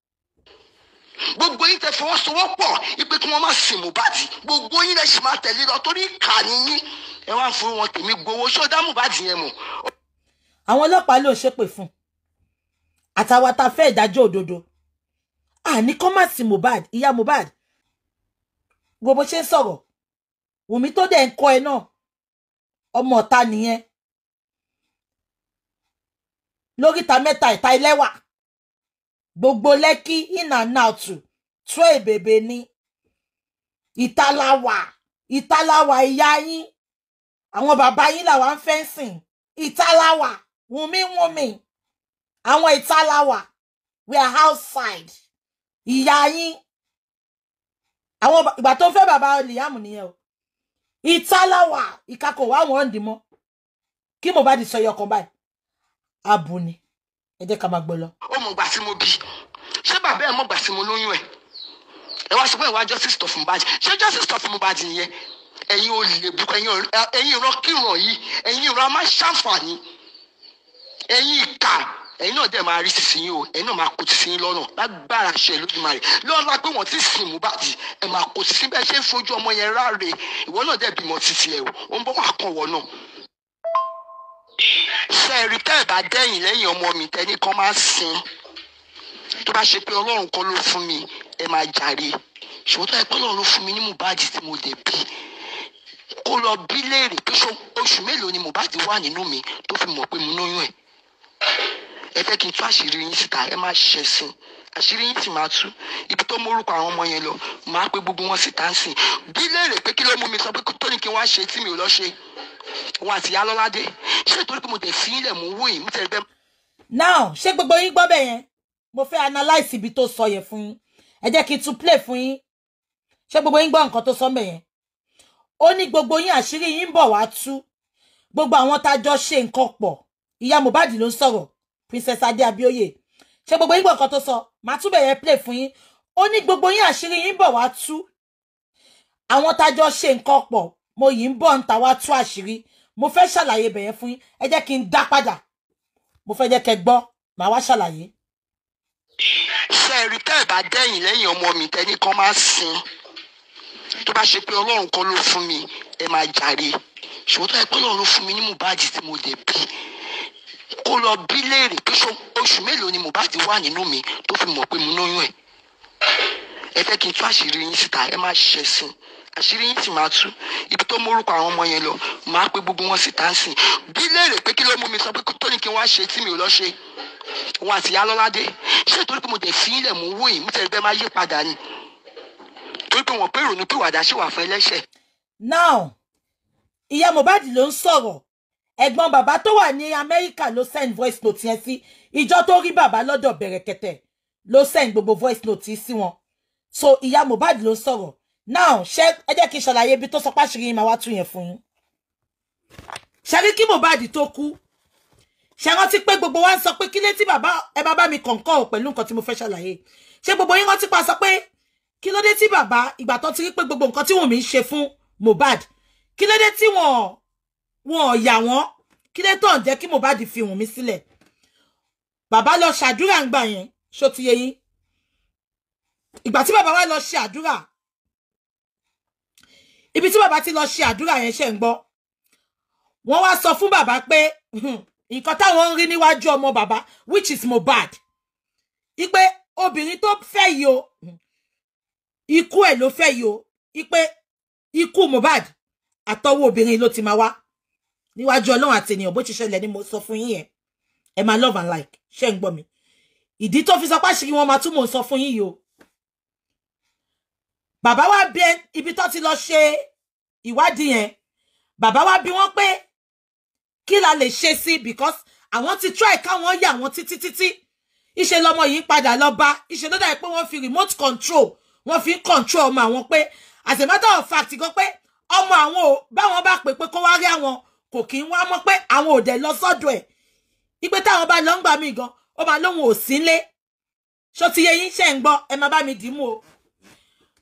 Speaker 1: gbogbo yín tẹ fọwọ́sowọ́pọ̀
Speaker 3: ipe kí wọ́n má sìn Mohbad gbogbo yín lẹ ṣì máa tẹ̀lé lọ torí ìkà nìyí ẹ wá fún wọn tèmi gbowó ṣó dá Mohbad yẹn mọ̀. àwọn ọlọ́pàá
Speaker 2: ló ṣépè fún àtàwọn tá a fẹ́ ìdájọ́ òdodo àní kọ́ má sìn Mohbad ìyá Mohbad gbogbo ṣe ń sọ̀rọ̀ Wùmí tó dẹ̀ ń kọ́ ẹ náà ọmọ ọ̀ta nìyẹn lóríta mẹ́ta ìta ẹlẹ́wà gbogbo leki in and out tó èbèbè ni ìtaláwà ìtaláwà ìyá yín àwọn bàbá yín làwa ń fẹ́ sìn ìtaláwà wùmí wùmí àwọn ìtaláwà we are outside ìyá yín àwọn ìgbà tó ń fẹ́ bàbá Liam nìyẹn o ìtaláwà ìkakò wà wọ́n dì mọ́ kí mo bá di sọ iye ọkàn báyìí abu ẹ jẹ́ ká máa gbọ́ lọ.
Speaker 3: ó mọ̀ gbà tí mo bí ṣé bàbá ẹ̀ mọ̀ gbà tí mo lóyún ẹ̀ ẹ wá sọ pé ìwà justice tó fún Mohbad ṣé justice tó fún Mohbad nìyẹn ẹ̀yin olè bukọ ẹ̀yin ìran kírun yìí ẹ̀yin ìran máa ṣàǹfààní ẹ̀yin ìka ẹ̀yin náà dẹ̀ máa rí sísìn yín o ẹ̀yin náà máa kó sísìn yín lọ́nà lágbára ṣe Olódùmarè lọ́la pé wọ́n ti sìn Mohbad ẹ̀ máa kó sísìn bẹ́ẹ̀ ṣe ń fojú ọmọ yẹn ráre ìwọ náà dẹ̀ bímọ títí ẹ̀ o ó ń bọ́ wà kàn wọ́n náà ṣe rí tẹ́ ẹ̀ bá dẹ́yìn lẹ́yìn ọmọ mi tẹ́ni kan máa sin tó bá ṣe pé ọlọ́run kọ́ ló fún mi ẹ máa jàre ṣùgbọ́n tó yẹ pé ọlọ́run ló fún mi ní Mohbad tí mo dẹ̀ bí kó lọ bí léèrè pé oṣù mélòó ni Mohbad wà nínú mi tó fi mọ̀ pé mo lóyún ẹ̀ ẹ fẹ́ kí n tú àṣírí yín síta ẹ má ṣẹ̀ sí i àṣírí yín ti máa tú ibi tó mórúkọ àwọn ọmọ yẹn lọ máa pé gbogbo wọn síta ń bí léèrè pé kí ló mú mi sọ pé tó ní kí wọ́n á ṣe tí mi ò lọ ṣe wọn àti alọ́ládé ṣé ìtorí pé mo tẹ̀ fi ilẹ̀ mú wò yìí mo tẹ̀ bẹ́ẹ̀. now
Speaker 2: ṣé gbogbo yín gbọ́ bẹ́ẹ̀ yẹn mo fẹ́ analyse ibi tó sọ yẹn fún yín ẹ jẹ́ kí n tún play fún yín ṣé gbogbo yín gbọ́ nǹkan tó sọ mẹ́yẹn ó ní gbogbo yín àṣírí yín bọ̀ wá tú gbogbo àwọn tá a jọ ṣe nǹkan pọ̀ ìyá Mohbad ló ń sọ̀rọ̀ princess adé abioye ṣé gbogbo yín gbọ́ nǹkan tó sọ màá túbẹ̀ yẹn play fún yín ó ní gbogbo yín àṣírí yín bọ̀ wá tú àwọn tá a jọ ṣe nǹkan pọ̀ mo yìí ń bọ̀ ń ta wá tú àṣírí mo fẹ́ ṣàlàyé bẹ̀yẹn fún yín ẹ jẹ́ kí n dá padà mo fẹ́ jẹ́ kẹ́ gbọ́ màá wá ṣàlàyé.
Speaker 3: ṣé ẹ rí tẹ́ ẹ bá dẹ́yìn lẹ́yìn ọmọ mi tẹ́ni kan máa sin tó bá ṣe pé ọlọ́run kan ló fún mi ẹ máa jàre ṣùgbọ́n tó yẹ pé ọlọ́run fún mi ní Mohbad tí mo dẹ̀ bí kó lọ bí léèrè pé oṣù mélòó ni Mohbad wà nínú mi tó fi mọ̀ pé mo lóyún ẹ̀ ẹ fẹ́ kí n tú àṣírí yín síta ẹ má ṣe àṣírí yín sì máa tú ibi tó mórúkọ àwọn ọmọ yẹn lọ máa pé gbogbo wọn sì táǹsì bí léèrè pé kí ló mú mi sọ pé tó kí wọ́n ṣe tí mi ò lọ ṣe wọn àti ìyá lọ́ládé ṣé ìtorí pé mo tẹ̀ fi ilẹ̀ mú wò yìí mo tẹ̀ bẹ́ẹ̀ máa yí padà ni torí pé wọ́n pé ìrònú pé ìwàdà ṣì wà fún ẹlẹ́ṣẹ̀. now
Speaker 2: ìyá Mohbad ló ń sọ̀rọ̀ ẹ̀gbọ́n bàbá tó wà ní Amẹ́ríkà ló send voice note yẹn sí ìjọ tó rí bàbá lọ́dọ̀ Bẹ̀rẹ̀kẹ̀tẹ̀ ló send gbogbo voice note sí wọn so ìyá Mohbad ló ń sọ̀rọ̀ now ṣe ẹ jẹ́ kí n ṣàlàyé ibi tó sọ páṣírí yín máa wá tún yẹn fún yín ṣe rí kí Mohbad tó kú ṣe rántí pé gbogbo wa ń sọ pé kílé tí bàbá ẹ bá bá mi kọ̀ǹkọ̀ pẹ̀lú nǹkan tí mo fẹ́ ṣàlàyé ṣe gbogbo yín rántí pa sọ pé kí ló dé tí bàbá ìgbà tó ti rí pé gbogbo nǹkan tí Wùnmí ń ṣe fún Mohbad kí ló dé tí wọn wọn ò yà wọn kí ló tó ń jẹ́ kí Mohbad fi Wùnmí sílẹ̀ bàbá lọ ṣàdúrà ń gbà yẹn ṣó ti yé yín ìgbà tí bàbá wa lọ ṣe àdúrà ibi tí bàbá ti lọ ṣe àdúrà yẹn ṣe ń gbọ́ wọ́n wá sọ fún bàbá pé hmm, nǹkan táwọn ń rí níwájú ọmọ bàbá which is Mohbad ipe obìnrin tó fẹ́ yìí o ikú ẹ̀ ló fẹ́ yìí o ipe ikú Mohbad àtọwọ́ obìnrin ló ti máa wá níwájú Ọlọ́run àti ènìyàn bó ti ṣẹlẹ̀ ni mo sọ fún yín yẹn ẹ máa love and like ṣé ń gbọ́ mi ìdí tó fi sọ páṣírí wọn máa tún mò ń sọ fún yín yìí o bàbá wa bẹ ibi tó ti lọ ṣe ìwádìí yẹn bàbá wa bí wọ́n pé kí la lè ṣe sí because àwọn ti try káwọn yà wọn títí títí ìṣe lọmọ yìí padà lọ bá ìṣe ló dàbí pé wọ́n fi remote control wọ́n fi control ọmọ àwọn pé as a matter of fact gan pé ọmọ àwọn ò báwọn bá pè pé kó wá rí àwọn kò kí ń wá mọ̀ pé àwọn ò dẹ̀ lọ sọ́dọ̀ ẹ̀ ipe táwọn bá lọ ń gbà mí gan ó máa lóun ò sílé ṣó ti yẹ yín ṣe ń gbọ́ ẹ máa bá mi dìímú o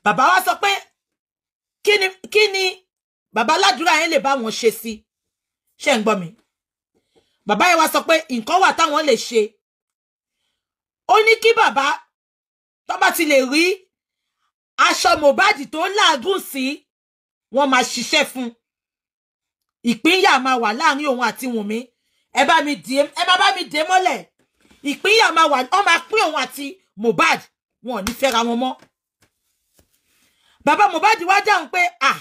Speaker 2: Baba wa sọ pé kí ni kí ni bàbá aládùúrà yẹn lè bá wọn ṣe sí ṣe ń gbọ́ mi bàbá yẹn wá sọ pé nǹkan wà táwọn lè ṣe ó ní kí bàbá tó bá ti lè rí aṣọ Mohbad tó láàgùn sí wọn máa ṣiṣẹ́ fún ìpínyà máa wà láàrin òun àti Wùnmí ẹ bá mi dìé ẹ má bá mi dìé mọ́lẹ̀ ìpínyà máa wà wọn máa pín òun àti Mohbad wọn ò ní fẹ́ra wọn bàbá Mohbad wá dáhùn pé à ah,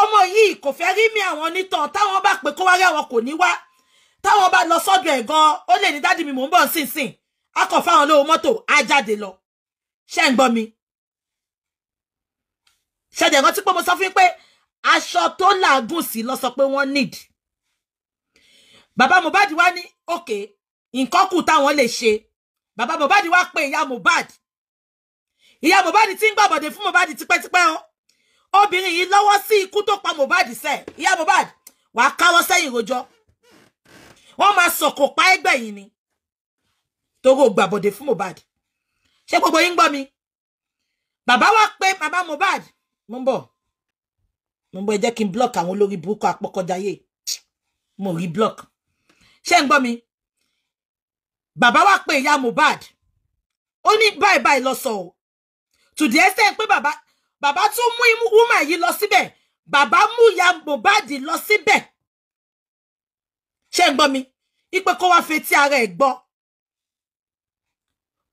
Speaker 2: ọmọ yìí kò fẹ́ rí mi àwọn onítàn táwọn bá pé kó wá rí àwọn kò ní wá táwọn bá lọ sọ́dọ̀ ẹ̀ gan ó lè ní dádì mi mò ń bọ̀ sínsìn a kò fáwọn olówó mọ́tò á jáde lọ ṣé ń gbọ́ mi ṣẹ̀dẹ̀ rántí pé mo sọ fún yín pé aṣọ tó làágùn sí lọ sọ pé wọ́n need bàbá Mohbad wá ní òkè nǹkan kù táwọn lè ṣe bàbá Mohbad wá pé ìyá Mohbad ìyá Mohbad ti ń gbàbọ̀dé fún Mohbad tipẹ́tipẹ́ o obìnrin yìí lọ́wọ́ sí ikú tó pa Mohbad sẹ́ ìyá Mohbad wàá káwọ́ sẹ́yìn rojọ́ wọ́n máa sọ̀kò pa ẹgbẹ́ yìí ni torí gbàbọ̀dé fún Mohbad ṣé gbogbo yín gbọ́ mi bàbá wa pé bàbá Mohbad mo ń bọ̀ mo ń bọ̀ ẹ jẹ́ kí n block àwọn olórí burúkú apọ́kọ́dáyé mo rí block ṣé ń gbọ́ mi bàbá wa pé ìyá Mohbad ó ní báyìí báyìí lọ sọ to the extent pé bàbá bàbá tún mú woman yìí lọ síbẹ̀ bàbá mú ya Mohbad lọ síbẹ̀ ṣé ń mi ipe kó wá fetí ara ẹ̀ gbọ́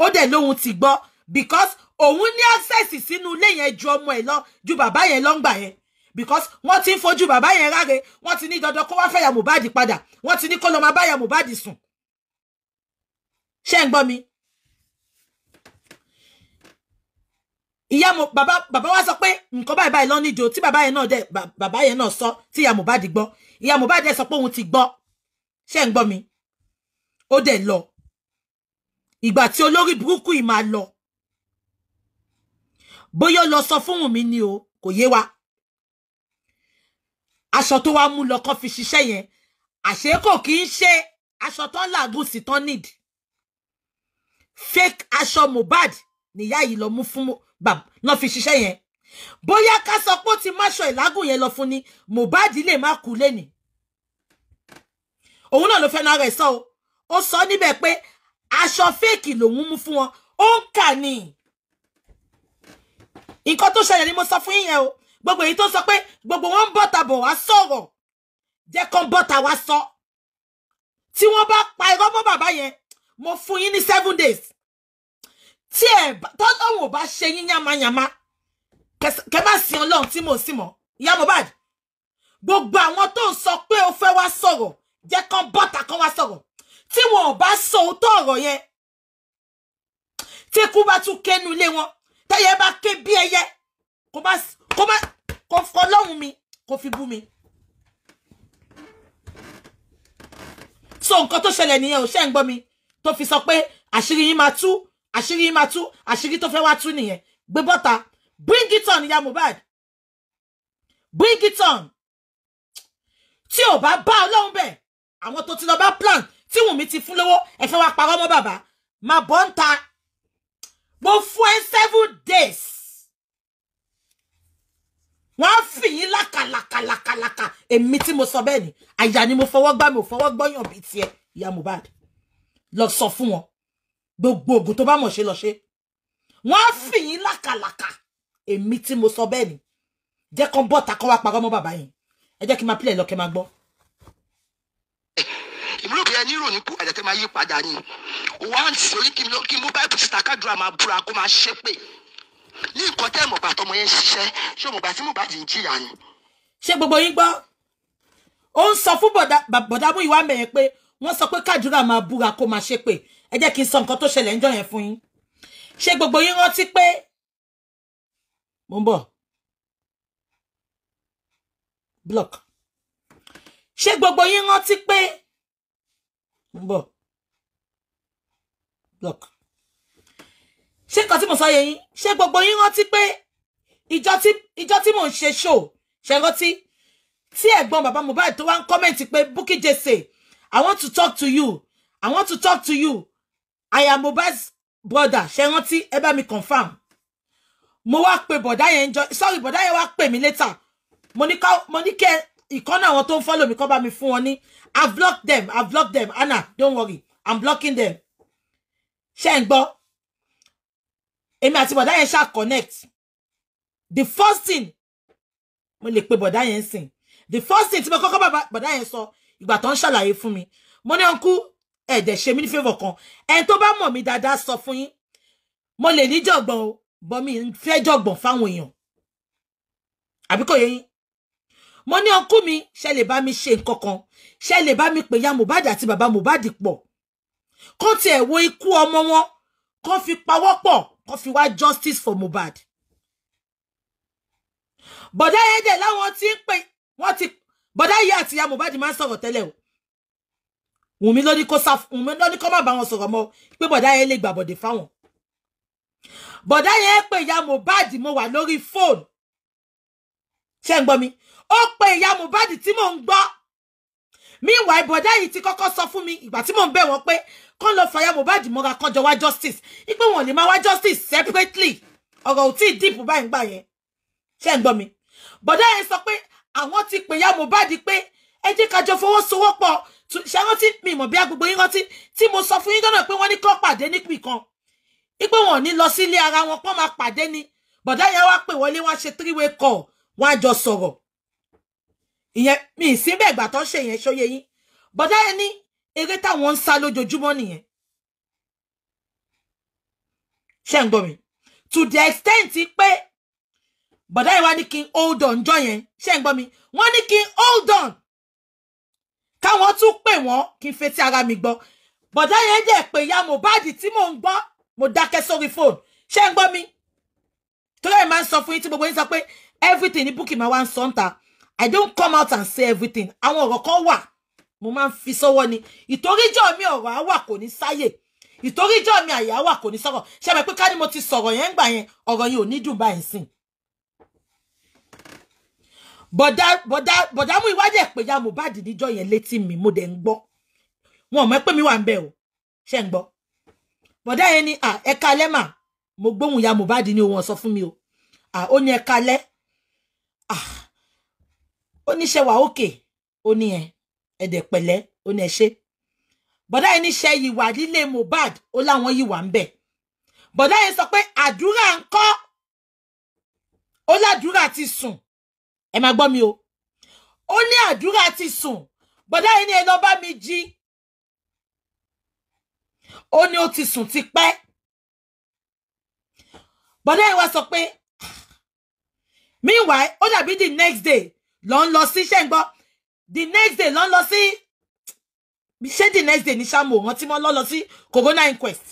Speaker 2: ó dẹ̀ lóhun ti gbọ́ because òun ní access sínú ilé yẹn ju ọmọ ẹ̀ lọ ju bàbá yẹn lọ́ngbà yẹn because wọ́n ti ń fojú bàbá yẹn ráre wọ́n ti ní dandan kó wá ya Mohbad padà wọ́n ti ní kó lọ máa bá ya Mohbad sùn ṣé ń mi ìyá mo bàbá bàbá wa sọ pé nǹkan báyìí báyìí lọ́ní ìjò tí bàbá yẹn náà dẹ̀ bàbá yẹn náà sọ tí ìyá Mohbad gbọ́ ìyá Mohbad dẹ̀ sọ pé òun ti gbọ́ ṣé ń gbọ́ mi ó dẹ̀ lọ ìgbà tí olórí burúkú yìí máa lọ bóyá ó lọ sọ fún mi ni o kò yé wa aṣọ tó wá mú lọ kán fi ṣiṣẹ́ yẹn àṣé kò kí ń ṣe aṣọ tán làágùn sí tán fake aṣọ Mohbad nìyá yìí lọ mú fún mo náà fi ṣiṣẹ́ yẹn bóyá ká sọ pé ó ti máṣọ ìlágùn yẹn lọ fún ni Mohbad lè má kú lẹ́nì òun náà ló fẹ́ náà rẹ̀ sọ o ó sọ níbẹ̀ pé aṣọ fèèkì lòun mú fún wọn ó ń kà ní nǹkan tó ṣẹlẹ̀ ni mo sọ fún yín yẹn o gbogbo èyí tó sọ pé gbogbo wọn ń bọ̀tà bọ̀ wá sọ̀rọ̀ jẹ́ kán bọ̀tà wá sọ tí wọ́n bá pa irọ́ mọ́ bàbá yẹn mo fún yín ní seven days tí ẹ tọ́lọ́wọ̀n ò bá ṣe yín yánmayànmá kẹ má sin ọlọ́run tí mo sì mọ̀ ìyá Mohbad gbogbo àwọn tó ń sọ pé o fẹ́ wá sọ̀rọ̀ jẹ́ kán bọ́ta kán wá sọ̀rọ̀ tí wọn ò bá sọ òótọ́ ọ̀rọ̀ yẹn tí ikú bá tún kẹnu ilé wọn tẹ́yẹ bá ké bí ẹyẹ kó má kó má kó fọlọ́run mi kó fi bú mi. so nǹkan tó ṣẹlẹ̀ nìyẹn ò ṣe ń gbọ́ mi tó fi sọ pé àṣírí yín máa tú àṣírí yín tú àṣírí tó fẹ́ wá tú nìyẹn gbé bọ́ta bring it on ya Mohbad bring it on tí ò bá bá ọlọ́run bẹ̀ àwọn tó ti lọ bá plan tí Wùnmí ti fún lówó ẹ fẹ́ wá parọ́ mọ́ bàbá máa bọ́ ń ta mo fún ẹ seven days wọ́n á fì yín lákàlàkàlàkàlàkà èmi tí mo sọ bẹ́ẹ̀ ni àyà ni mo fọwọ́ gbá mi ò fọwọ́ gbọ́yàn bíi tiẹ̀ ya Mohbad lọ sọ fún wọn gbogbo ògùn tó bá mọ̀ ṣe lọ ṣe wọ́n á fì yín lákàlàkà èmi tí mo sọ bẹ́ẹ̀ ni jẹ́ kán bọ́ ta kán wá parọ́ mọ́ bàbá yẹn ẹ jẹ́ kí n máa pílẹ̀ lọ́kẹ́ máa gbọ́.
Speaker 3: ìmúlò bí ẹni ròyìn kú àjẹkẹ́ máa yí padà ni wọ́n sì orí kí n mú báyìí síta kádùrà máa búra kó máa ṣépè ní nǹkan tẹ́ mọ̀gbà tọmọ yẹn ṣiṣẹ́ ṣé mọ̀gbà tí mọ̀gbà yìí jìyà ni.
Speaker 2: ṣé gbogbo yín gbọ́ ó ń sọ fún bọ̀dá bọ̀dá mú ìwà mẹ́yẹn pé wọ́n sọ pé kádùrà máa búra kó máa ṣépè ẹ jẹ́ kí n sọ nǹkan tó ṣẹlẹ̀ ńjọ́ yẹn fún yín ṣé gbogbo yín rántí pé mo ń bọ̀ block ṣé gbogbo yín rántí pé mo ń bọ̀ block ṣé nǹkan tí mo sọ yẹ yín ṣé gbogbo yín rántí pé ìjọ tí ìjọ tí mò ń ṣe show ṣe rántí tí ẹ̀gbọ́n bàbá Mohbad tó wá ń kọ́mẹ̀ntì pé Bukky Jesse I want to talk to you I want to talk to you I am Mohbad's brother ṣe rántí ẹ bá mi confam mo wá pe bọ̀dá yẹn enjoy. sorry bọ̀dá yẹn wá pe mí later Monica, Monica, ká mo ní follow mi kọ́ bá mi fún wọn ní i block them i block them Anna don't worry i'm blocking them ṣe ń gbọ́ èmi àti bọ̀dá yẹn ṣáà connect the first thing mo lè pe bọ̀dá yẹn sìn the first thing tí mo kọ́kọ́ bá bọ̀dá yẹn sọ ìgbà tó ń ṣàlàyé fún mi mo ní uncle ẹ dẹ̀ ṣe mí ní favour kan ẹni tó bá mọ̀ mí dáadáa sọ fún yín mo lè ní jọ̀gbọ̀n o bọ́ mi fẹ́ jọ̀gbọ̀n fáwọn èèyàn àbí kò yé yín mo ní ọkú mi ṣe lè bá mi ṣe nǹkan kan ṣe lè bá mi pè ya Mohbad àti bàbá Mohbad pọ̀ kó tiẹ̀ wo ikú ọmọ wọn kó fi pawọ́ pọ̀ kó fi wá justice for Mohbad bọ̀dá yẹn dẹ̀ láwọn tí ń pè wọ́n ti bọ̀dá yẹn àti ya Mohbad máa ń sọ̀rọ̀ tẹ́lẹ̀ o Wùnmí ló ní kó sá Wùnmí ló ní kó má ba wọn sọ̀rọ̀ mo, pé bọ̀dá yẹn lè gbà bọ̀dẹ̀ fáwọn bọ̀dá yẹn pé ìyá Mohbad mo wà lórí fóònù ṣé ń gbọ́ mi ó pe ìyá Mohbad tí mò ń gbọ́ meanwhile boda yìí ti kọ́kọ́ sọ fún mi ìgbà tí mò ń bẹ̀ wọ́n pé kán lọ fàyà Mohbad mọ́ra kọjọ wá justice ipò wọn lè máa wá justice separately ọ̀rọ̀ ò ba ì dìbò báyìí gbà yẹn ṣé ń gbọ́ mi bọ̀dá yẹn sọ pé àwọn ti pè ìyá Mohbad pé ẹ jẹ́ kájọ fọwọ́sowọ́pọ̀ ṣe rántí mi mọ̀ bí agbègbè yín rántí tí mo sọ fún yín dáná pé wọ́n ní kọ́ pàdé nípì kan wípé wọn ò ní lọ sílé ara wọn pọ́n máa pàdé ni bọ̀dá yẹn wá pè wọlé wá ṣe three way call wọ́n á jọ sọ̀rọ̀ ìyẹn mi ì sí bẹ́ẹ̀ gbà tó ń ṣe yẹn ṣóyé yín bọ̀dá yẹn ní eré táwọn ń sá lójoojúmọ́ nìyẹn ṣé ń gbọ́ mi to the extent pé bọ̀dá yẹn wá ní kí n hold on jọ yẹn ṣé ń gbọ́ mi wọ́n ní kí n hold on káwọn tún pè wọ́n kí n fetí ara mi gbọ́ bọ̀dá yẹn dẹ̀ pé ìyá Mohbad tí mò ń gbọ́ mo dákẹ́ sórí fóònù ṣé ń gbọ́ mi torí ẹ̀ máa ń sọ fún yín tí gbogbo yín sọ pé everything ní Bukky máa wá ń sọ ń ta I don't come out and say everything àwọn ọ̀rọ̀ kan wà mo máa ń fi sọ́wọ́ ni ìtoríjọ́ mi ọ̀rọ̀ á wà kò ní sáyè ìtoríjọ́ mi àyà wà kò ní sọ̀rọ̀ ṣe mọ̀ pé ká ní mo ti sọ̀rọ̀ yẹn ń gbà yẹn ọ̀rọ̀ yìí ò ní dùn báyìí sìn bọ̀dá bọ̀dá bọ̀dá mú ìwádìí ẹ̀ pé ya Mohbad níjọ́ yẹn létí mi mo dẹ̀ ń gbọ́ wọn ò mọ̀ pé mi wà ń bẹ̀ o ṣe ń gbọ́ bọ̀dá yẹn ni ẹ̀ka alẹ́ mà mo gbóhùn ya Mohbad ní ohun ọ̀sọ́ fún mi o ó ní ẹ̀ka alẹ́ ó ní ṣe wà òkè ó ní ẹ ẹ̀dẹ̀ pẹ̀lẹ́ ó ní ẹ ṣe bọ̀dá yẹn ní ṣe ìwà líle Mohbad ó láwọn yìí wà ń bẹ̀ bọ̀dá yẹn sọ pé àdúrà ń kọ́ ó ládùúrà ti sùn ẹ máa gbọ́ mi o ó ní àdúrà ti sùn bọ́dá yìí ni ẹ lọ bá mi jí ó ní ó ti sùn ti pẹ́ bọ́dá yìí wá sọ pé meanwhile ó dàbí the next day ló ń lọ sí ṣẹ́ ń gbọ́ the next day ló ń lọ sí ṣé the next day ní ṣáàmù òun tí wọ́n lọ lọ sí corona inquest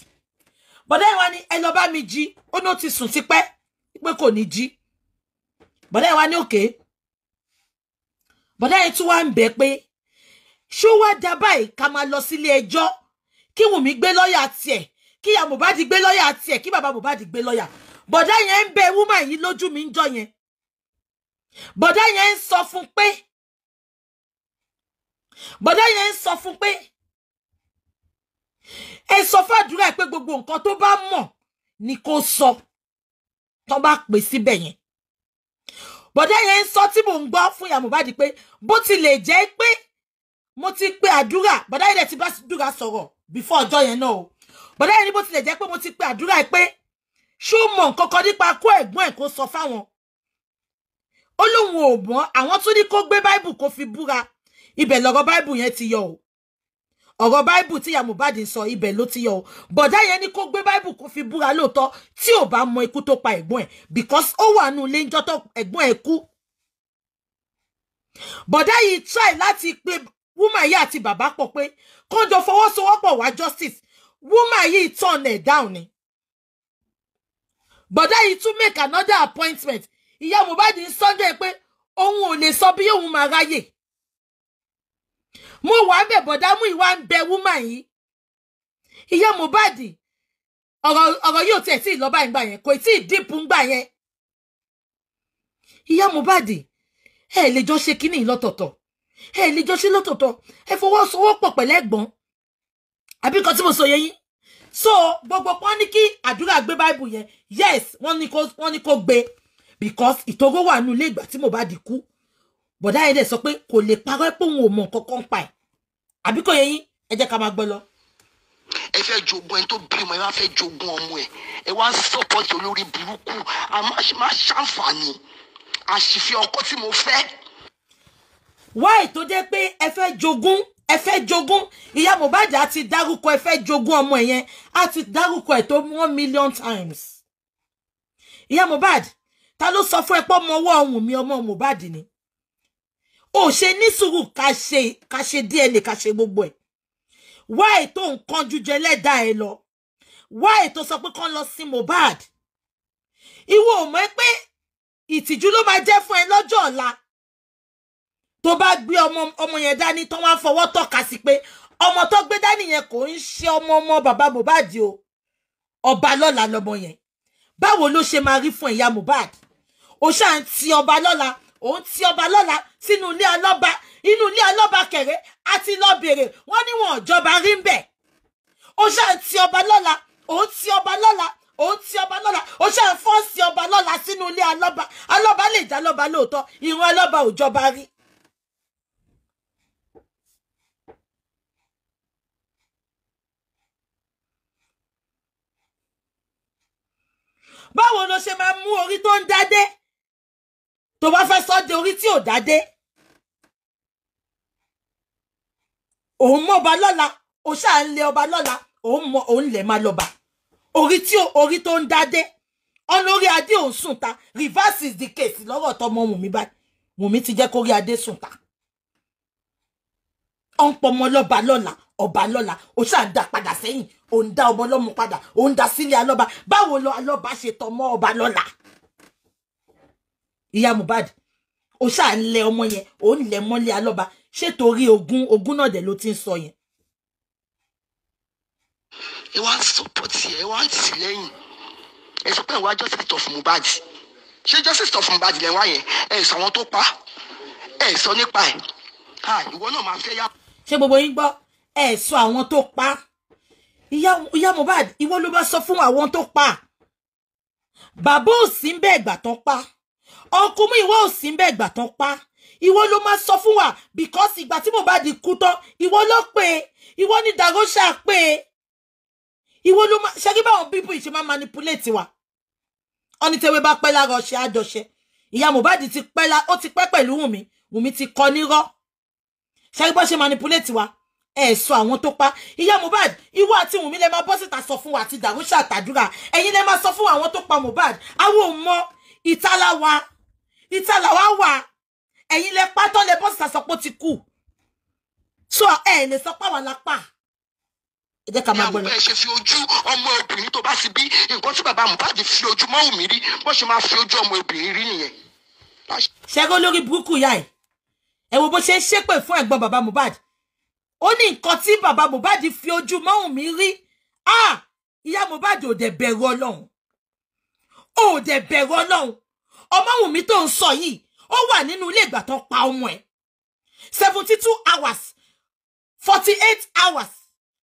Speaker 2: bọ́dá yìí wá ní ẹ lọ bá mi jí ó ní ó ti sùn ti pẹ́ pé kò ní jí bọ́dá yìí wá ní òkè. Okay bọ̀dá yẹn tún wá ń bẹ̀ pé ṣó wá da báyìí ká máa lọ sílé ẹjọ́ kí Wùnmí gbé lọ́ọ̀yà tiẹ̀ kí ìyá Mohbad gbé lọ́ọ̀yà tiẹ̀ kí bàbá Mohbad gbé lọ́ọ̀yà bọ̀dá yẹn ń bẹ wúmà yìí lójú mi ń jọ yẹn bọ̀dá yẹn ń sọ fún pé bọ̀dá yẹn ń sọ fún pé ẹ sọ fàdúrà pé gbogbo nǹkan tó bá mọ̀ ni kó sọ tó bá pè síbẹ̀ yẹn bọ̀dá yẹn ń sọ tí mò ń gbọ́ fún ìyá Mohbad pé bó tilẹ̀ jẹ́ pé mo ti pe àdúrà bọ̀dá yẹn ti bá àdúrà sọ̀rọ̀ before ọjọ́ yẹn náà o bọ̀dá yẹn ní bó tilẹ̀ jẹ́ pé mo ti pe àdúrà ẹ pé ṣó mọ̀ nǹkan kan nípa kó ẹ̀gbọ́n ẹ̀ kó sọ fáwọn ó lóun ò mọ̀ àwọn tún ní kó gbé báìbù kó fi búra ibẹ̀ lọ́rọ̀ báìbù yẹn ti yọ o ọ̀rọ̀ báìbù tí ìyá Mohbad ń sọ ibẹ̀ ló ti yọ o bọ̀dá yẹn ni kó gbé báìbù kó fi búra lóòótọ́ tí ò bá mọ ikú tó pa ẹ̀gbọ́n ẹ̀ because ó wà nù ilé ńjọ́ tó ẹ̀gbọ́n ẹ̀ kú bọ̀dá yìí try láti pe woman yìí àti bàbá pọ̀ pé kọ́njọ fọwọ́sowọ́pọ̀ wá justice woman yìí turn ẹ̀ down ni bọ̀dá yìí tún make another appointment ìyá Mohbad ń sọ́jọ́ ẹ pé òun ò lè sọ bí òun máa ráyè mo wà ń bẹ̀ bọ̀dá mú ìwà ń bẹ wúmà yìí ìyá Mohbad ọ̀rọ̀ yóò tiẹ̀ tí ì lọ báyìí gbà yẹn kò tí ì dínkù gbà yẹn ìyá Mohbad ẹ lè jọ ṣe kínní lọ́tọ̀ọ̀tọ̀ ẹ lè jọ ṣe lọ́tọ̀ọ̀tọ̀ ẹ fọwọ́sowọ́pọ̀ pẹ̀lẹ́gbọ́n àbí nǹkan tí mo sọ yẹ yín so gbogbo wọn ní kí àdúrà gbé báìbù yẹn yes wọ́n ní kó gbé because ìtòró wà nù ilé ìgbà tí Mohbad kú bọ̀dá yẹn dẹ̀ sọ pé kò lè parọ́ pé òun ò mọ nǹkan kan pa ẹ̀ àbí kò yẹ yín ẹ jẹ́ ká máa gbọ́ lọ.
Speaker 3: ẹ fẹ́ jogún ẹ tó bímọ ẹ wá fẹ́ jogún ọmọ ẹ ẹ wá sọ́pọ̀tì olórí burúkú a máa ṣàǹfààní àṣìfẹ́ ọkọ tí mo fẹ́.
Speaker 2: wáì tó jẹ́ pé ẹ fẹ́ jogún ẹ fẹ́ jogún ìyá Mohbad á ti dárúkọ ẹ fẹ́ jogún ọmọ ẹ yẹn á ti dárúkọ ẹ tó one million times. ìyá Mohbad ta ló sọ fún ẹ pọ́ ọmọ ọwọ́ ọ̀hún mi ọmọ Mohbad ni ò ṣe ni sùúrù ká ṣe ká ṣe DNA ká ṣe gbogbo ẹ̀ wá ètò nǹkan jújẹ lẹ́dàá ẹ lọ wá ètò sọ pé kán lọ sí Mohbad ìwọ ò mọ̀ pé ìtìjú ló máa jẹ́ fún ẹ lọ́jọ́ ọ̀la tó bá gbé ọmọ ọmọ yẹn dání tán wá fọwọ́ tọ́ka sí pé ọmọ tó gbé dání yẹn kò ń ṣe ọmọ ọmọ bàbá o ọba lọ́la lọmọ yẹn báwo lo ṣe máa rí fún ìyá Mohbad ó ṣáà ń ti ọba òun ti ọba lọ́la sínú ilé ọlọ́ba inú ilé ọlọ́ba kẹ̀rẹ́ àti lọ bèrè wọ́n ní wọn ìjọba rí ń bẹ̀ ó ti ọba lọ́la òun ti ọba lọ́la òun ti ọba lọ́la ó ṣáà fọ́ọ̀sì ọba lọ́la sínú ilé ọlọ́ba ọlọ́ba lè já lọ́ba lóòótọ́ ìran ọlọ́ba ò jọba rí. báwo ló ṣe máa mú orí tó ń dá dé tó bá fẹ́ sọ́ de orí tí ò dádé òun mọ ọba lọ́la o ṣáà ń lé ọba lọ́la òun mọ òun lẹ̀ máa lọ́ba orí tí orí tó ń dádé ọlórí adé òun sùn reverse is the case lọ́rọ̀ tọmọ wùmí báyìí wùmí ti jẹ́ kórí adé sùn ta ọ̀n pọmọ lọ́ba lọ́la ọba lọ́la ó ṣáà ń dá padà sẹ́yìn ó ń dá ọmọ lọ́mú padà ó ń dá sílé alọ́ba báwo lọ alọ́ba ṣe tọmọ ọba ìyá Mohbad ó ṣáà ń lẹ ọmọ yẹn ó ń lẹ mọ́lẹ̀ alọ́ba ṣé torí ogún ogún náà dẹ̀ ló ti ń sọ yẹn.
Speaker 3: ẹ wá ń sọpọ́tì ẹ wá ń tì lẹ́yìn ẹ sọ pé ìwà justice of Mohbad ṣé justice of Mohbad lẹ́wọ̀n yẹn ẹ sọ àwọn tó pa ẹ sọ nípa ẹ ìwọ náà máa fẹ́ yá. ṣé gbogbo yín gbọ́ ẹ sọ àwọn tó pa
Speaker 2: ìyá Mohbad ìwọ ló bá sọ fún àwọn tó pa bàbá òsínbẹ́ ìgbà pa ọkùnmú ìwọ ò sí bẹ́ẹ̀ gbà tán pa ìwọ ló máa sọ fún wa because ìgbà tí Mohbad kú tán ìwọ ló pè é ìwọ ní Darosha pè é ìwọ ló máa ṣe kí báwọn bíbù ìṣe máa manipulate wa ọ̀nìtẹ̀wé bá pẹ́ lára ọ̀ṣẹ́ àjọṣe ìyá Mohbad ti pẹ́ la ó ti pẹ́ pẹ̀lú Wùnmí Wùnmí ti kọ nírọ́ ṣe kí bọ́ ṣe manipulate wa ẹ sọ àwọn tó pa ìyá Mohbad ìwọ àti Wùnmí lè máa bọ́ síta sọ fún wa àti Darosha àtàdúrà ẹ̀yin lè máa sọ fún àwọn tó pa Mohbad àwọn ò mọ ìtàlá wa ìta làwa wà ẹ̀yin lẹ pa tán lẹ bọ́ síta sọ pé ti kú so ẹ lè sọ pé àwa la pa ẹ jẹ́ ká máa gbọ́ ni. ìyàwó ẹ
Speaker 3: ṣe fi ojú ọmọ obìnrin tó bá ti bí nǹkan tí bàbá Mohbad fi ojú mọ́ òmí rí bó ṣe máa fi ojú ọmọ obìnrin rí nìyẹn. ṣẹ́gun lórí burúkú ìyá ẹ̀
Speaker 2: ẹ wo bó ṣe ń ṣépè fún ẹ̀gbọ́n bàbá Mohbad ó ní nǹkan tí bàbá Mohbad fi ojú mọ́ òmí rí ah! ìyá Mohbad ò dẹ̀ bẹ̀rù ọlọ́run ò dẹ̀ bẹ̀rù ọlọ́run Ọmọ́wùnmí tó ń sọ yìí ó wà nínú ilé ìgbà tó pa ọmọ ẹ̀ seventy two hours forty eight hours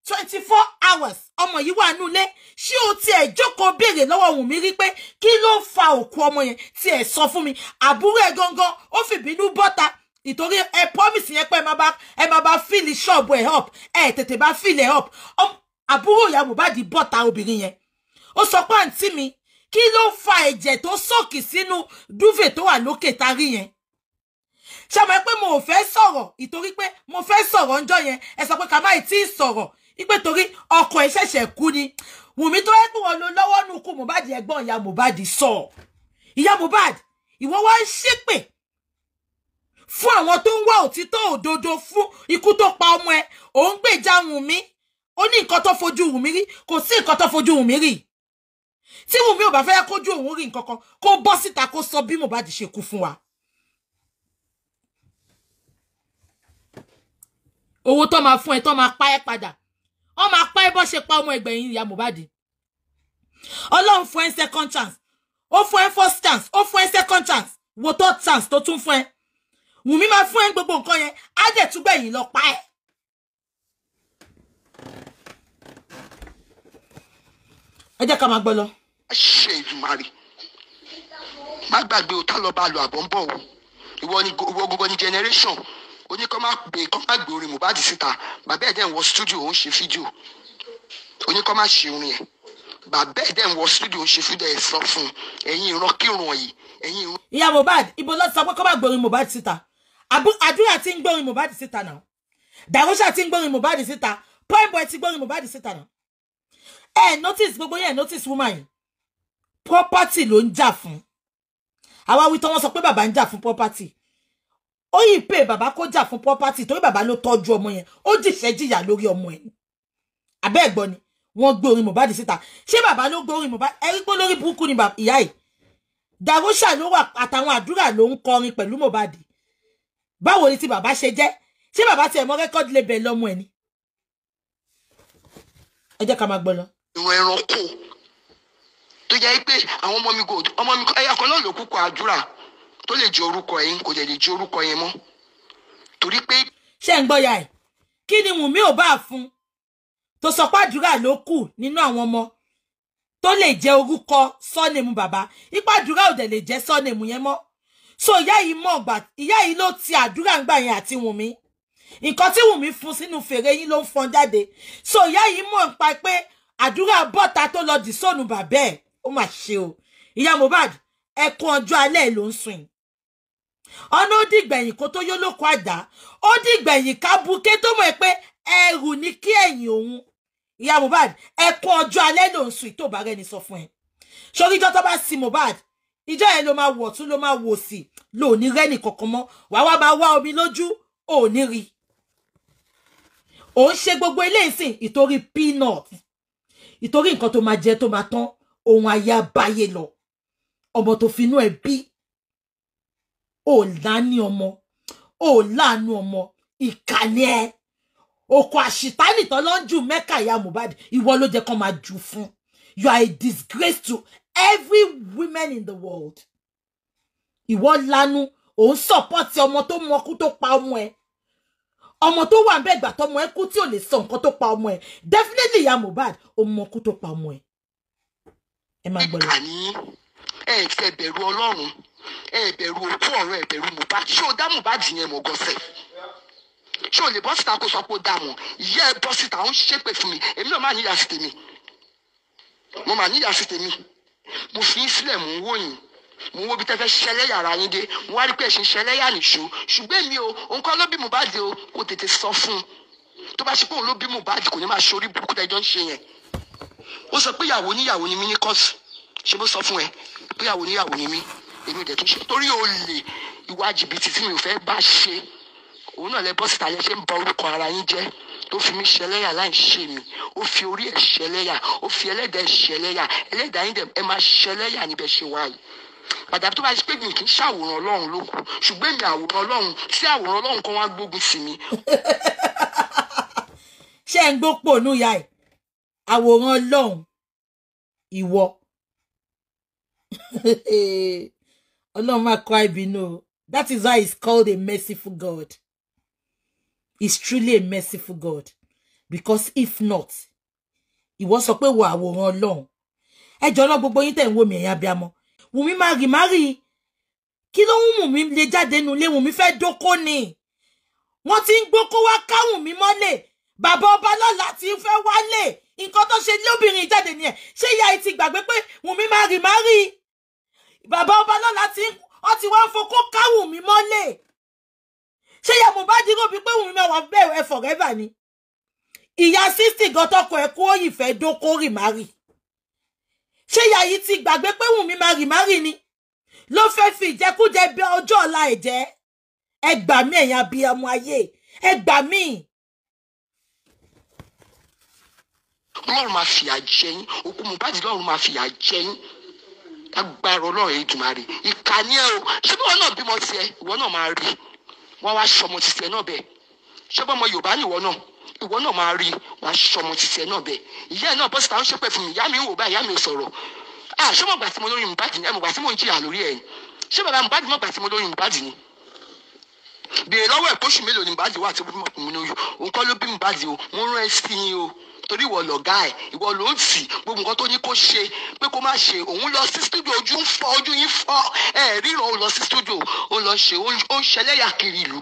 Speaker 2: twenty four hours ọmọ yìí wà nínú ilé ṣé o tiẹ̀ jókòó béèrè lọ́wọ́ Wùnmí rí pé kí ló fa òkú ọmọ yẹn tiẹ̀ sọ fún mi àbúrò ẹ̀ gangan ó fìbínú bọ́ta ìtorí ẹ promise yẹn pé ẹ máa bá fíìlì ṣọ́ọ̀bù ẹ̀ up ẹ tètè bá fíìlì ẹ̀ up àbúrò ìyá Mohbad bọ́ta obìnrin yẹn ó sọ pé àǹtí mi kí ló fa ẹ̀jẹ̀ tó sọ̀kì sínú dúfè tó wà lókè tarí yẹn ṣàmọ́ pé mo ò fẹ́ sọ̀rọ̀ ìtorí pé mo fẹ́ sọ̀rọ̀ ńjọ́ yẹn ẹ sọ pé kàmáì tí ì sọ̀rọ̀ ipe torí ọkọ ẹ ṣẹ̀ṣẹ̀ kú ni wùmí tó yẹ pé wọn lo lọ́wọ́ nù kú Mohbad ẹ̀gbọ́n ìyá Mohbad sọ ìyá Mohbad ìwọ wá ń ṣépè fún àwọn tó ń wá òtítọ́ òdodo fún ikú tó pa ọmọ ẹ òun gbèjà wùmí ó ní nǹkan tó fojú wùmí rí kò sí nǹkan tó fojú wùmí rí tí Wùnmí ò bá fẹ́ kójú òun rí nǹkan kan kó bọ́ síta kó sọ bí Mohbad ṣe kú fún wa. owó tó máa fún ẹ tó máa pa ẹ padà wọ́n máa pa ẹ bọ́ ṣe pa ọmọ ẹgbẹ̀yìn ìyá Mohbad. ọlọ́run fún ẹ second chance O fún ẹ first chance O fún ẹ second chance wo third chance tó tún fún ẹ Wùnmí máa fún ẹ gbogbo nǹkan yẹn á dẹ̀ túgbẹ̀yìn lọ pa ẹ. ẹ ká máa gbọ́ lọ
Speaker 3: láṣẹ ìdùmarè má gbàgbé o tá lọ bá lo àbọ̀ ń bọ̀ o ìwọ ni ìwọ gbogbo ni generation oní kọ́ máa gbé kọ́ máa gbé orin Mohbad síta bàbá ẹ̀ dẹ̀ ń wọ studio ó ń ṣe fídíò oní kọ́ máa ṣe orin ẹ̀ bàbá ẹ̀ dẹ̀ ń wọ studio ó ń ṣe fídíò ẹ̀ sọ fún un ẹ̀yin ìran kírun ọ̀yìn ẹ̀yin ìran. ìyá Mohbad ibo ló sọ pé kọ́ máa gbórin Mohbad síta
Speaker 2: àdúrà ti ń gbórin Mohbad síta náà dàrúṣà ti ń gbórin Mohbad síta Primeboy ti gbórin Mohbad síta náà ẹ̀ notice gbogbo yẹn notice woman yìí property lo ń jà fún àwa wí tán wọ́n sọ pé bàbá ń jà fún property ó yìí pé bàbá kó jà fún property torí bàbá ló tọ́jú ọmọ yẹn ó jìṣẹ́ jìyà lórí ọmọ ẹ̀ abẹ́ ẹ̀gbọ́n ni wọ́n gbé orin Mohbad síta ṣé bàbá ló gbé orin Mohbad ẹ̀rí pé lórí burúkú ni ìyá ẹ̀ Darosha ló wà àtàwọn àdúrà ló ń kọrin pelu Mohbad báwo ni ti bàbá ṣe jẹ́ ṣé bàbá tiẹ̀ mọ rẹ́kọ́dì lè bẹ̀ lọ́mọ ẹ̀ ni ẹ jẹ́ ká máa gbọ́ lọ.
Speaker 3: ìwọ ẹranko tó jẹ́ pé àwọn ọmọ mi kò ọmọ mi ẹyà kan náà ló kúkọ àdúrà tó lè jẹ orúkọ yẹn kò dẹ̀ lè jẹ orúkọ yẹn mọ́ torí pé. ṣé ń gbọ́ ẹ̀ kí ni wùnmí ò bá fún
Speaker 2: tó sọ pé àdúrà ló kù nínú àwọn ọmọ tó lè jẹ orúkọ sọ́nẹ̀mù bàbá ipá àdúrà ò dẹ̀ lè jẹ sọ́nẹ̀mù yẹn mọ́ so ìyá yìí mọ̀ gbà ìyá yìí ló ti àdúrà ńgbà yẹn àti wùnmí nǹkan tí wùnmí fún sínú fèrè yín ló ń fọn jáde so ìyá yìí mọ̀ nípa pé àdúrà bọ́ta tó lọ dì sóònù bàbá ẹ̀ ó mà ṣe o ìyá Mohbad ẹkún ọjọ́ alẹ́ ló ń sùn ọ̀nà ó dìgbẹ̀yìn kó tó yó lóko àdá ó dìgbẹ̀yìn ká buké tó mọ̀ pé ẹrù ní kí ẹ̀yìn òun ìyá Mohbad ẹkún ọjọ́ alẹ́ ló ń sùn tó bá rẹni sọ fún ẹ sórí ìjọ tó bá sin Mohbad ìjọ yẹn ló máa wọ̀ tún ló máa wò sí lò ní kankan mọ́ wàá wá máa wá omi lójú ò ní rí òun ṣe gbogbo eléyìí sìn ìtorí peanut ìtorí nǹkan tó máa jẹ tó máa tán ohun ayé abáyé lọ ọmọ tó finú ẹ bí ò láàánú ọmọ ò láàánú ọmọ ìkànnì ẹ oko àṣìtánì tán ló ń ju ìyá Mohbad ìwọ ló jẹ́ kán máa jù fún you are a disgrace to every woman in the world ìwọ lanu òun sọpọ́tì ọmọ tó mọkú tó pa ọmọ ẹ ọmọ tó wà ń bẹ́ẹ̀ gbà tọmọ ẹ kú tí ò lè sọ nǹkan tó pa ọmọ ẹ definitely ìyá Mohbad ó mọkú tó pa ọmọ ẹ ẹ máa gbọ́ lọ.
Speaker 3: ìkà ni ẹ fẹ́ bẹ̀rù ọlọ́run ẹ bẹ̀rù òkú ọ̀rọ̀ ẹ bẹ̀rù Mohbad ṣé o dá Mohbad yẹn mọ̀ gọ́sẹ̀ ṣé o lè bọ́ síta kó sọ pé o dá mọ̀ ìyá ẹ bọ́ síta ó ń ṣépè fún mi èmi náà máa níyà sí tèmi mo máa níyà sí tèmi mo fi í sílẹ̀ mò ń wò yín mo wo bí tẹ́fẹ́ ṣẹlẹ̀ yàrá yín dé mo wá rí pé ẹ̀ṣin ṣẹlẹ̀ yà nìṣó ṣùgbọ́n èmi o nǹkan ló bí Mohbad o kò tètè sọ fún un tó bá ṣe pé òun ló bí Mohbad kò ní máa ṣorí burúkú tẹ́jọ́ ń ṣe yẹn ó sọ pé ìyàwó níyàwó ni mí ní kọ́ọ̀sì ṣé mo sọ fún ẹ pé ìyàwó níyàwó ni mí èmi dẹ̀ tún ṣe torí olè ìwà jìbìtì tí mi ò fẹ́ bá ṣe òun náà lẹ bọ́ síta lẹ ṣe ń ba orúkọ ara yín jẹ́ tó fi mí ṣẹlẹ́yà láì ṣe mí ó fi orí ẹ̀ ṣẹlẹ́yà ó fi ẹlẹ́dàá ẹ̀ ṣẹlẹ́yà ẹlẹ́dàá yín dẹ̀ ẹ máa ṣẹlẹ́yà níbẹ̀ ṣe wáyé pàtàkì tó bá ṣe pé mi kì í ṣàwòrán ọlọ́run ló kù ṣùgbọ́n èmi àwòrán ọlọ́run sí àwòrán ọlọ́run kan wá gbógun sí mi. ṣé ń gbópò
Speaker 2: nù ya ẹ̀ àwòrán ọlọ́run ìwọ ọlọ́run máa kọ́ àìbínú o that is why he's called a merciful God he's truly a merciful God because if not ìwọ sọ pé wo àwòrán ọlọ́run ẹjọ́ náà gbogbo yín tẹ̀ ń wò mí ẹ̀yin abiamọ wùmí máa rì má rì kí ló ń wùmí lè jáde nulẹ̀ wùmí fẹ́ dóko ni wọ́n ti ń gbókó wá káwùmí mọ́lẹ̀ bàbá ọba lọ́la ti ń fẹ́ wálé nǹkan tó ṣe lóbìnrin jáde nìyẹn ṣé ìyá ẹ ti gbàgbé pé wùnmí máa rì máa rì bàbá ọba lọ́la ti ọ ti wá ń fokó ká wùnmí mọ́lẹ̀ ṣé ìyá Mohbad rò bí pé wùnmí máa wà bẹ́ẹ̀ ẹ forever ni ìyá sixty gan tọkọ ẹ kó ìfẹ́ dókó rì máa rì ṣé ìyá yìí ti gbàgbé pé wùnmí máa rì máa rì ni ló fẹ́ fi ìjẹkújẹ bẹ ọjọ́ ọ̀la ẹ̀jẹ̀ ẹ gbà mí
Speaker 3: ẹ̀yìn abiyamọ ayé ẹ gbà mí ọlọ́run máa fìyà jẹ yín òkú Mohbad lọ́run máa fìyà jẹ yín agbára ọlọ́run yìí dùnmá rè ìkà ni ẹ o ṣé bí wọn náà bímọ tiẹ̀ ìwọ náà máa rí wọn wá ṣọmọ tìtìẹ náà bẹ́ẹ̀ ṣé bọ́mọ Yorùbá ni ìwọ náà ìwọ náà máa rí wọn á ṣọmọ tìtìẹ náà bẹ́ẹ̀ ìyá ẹ náà bọ́sì táwọn ṣépè fún mi ìyá mi ń wò báyìí ìyá mi ò sọ̀rọ̀ à ṣé mọ̀gbà tí mo lóyún Mohbad ni ẹ mọ̀gbà tí mo ń jìyà lórí ẹ̀ ṣé bàbá Mohbad mọ̀gbà tí mo lóyún Mohbad ni bèèrè lọ́wọ́ ẹ̀ pósù mélòó ni Mohbad wà tí mo lóyún òun kọ́ ló bí Mohbad o mo rán ẹ sí ni o torí ìwọ lọ̀gá ẹ̀ ìwọ ló ń tì gbogbo nǹkan tó ní kó ṣe pé kó má ṣe òun lọ sí studio ojú ń fọ́ ojú yín fọ́ ẹ ríran òun lọ sí studio ó lọ ṣe ó ń ṣẹlẹ́yà kiri ìlú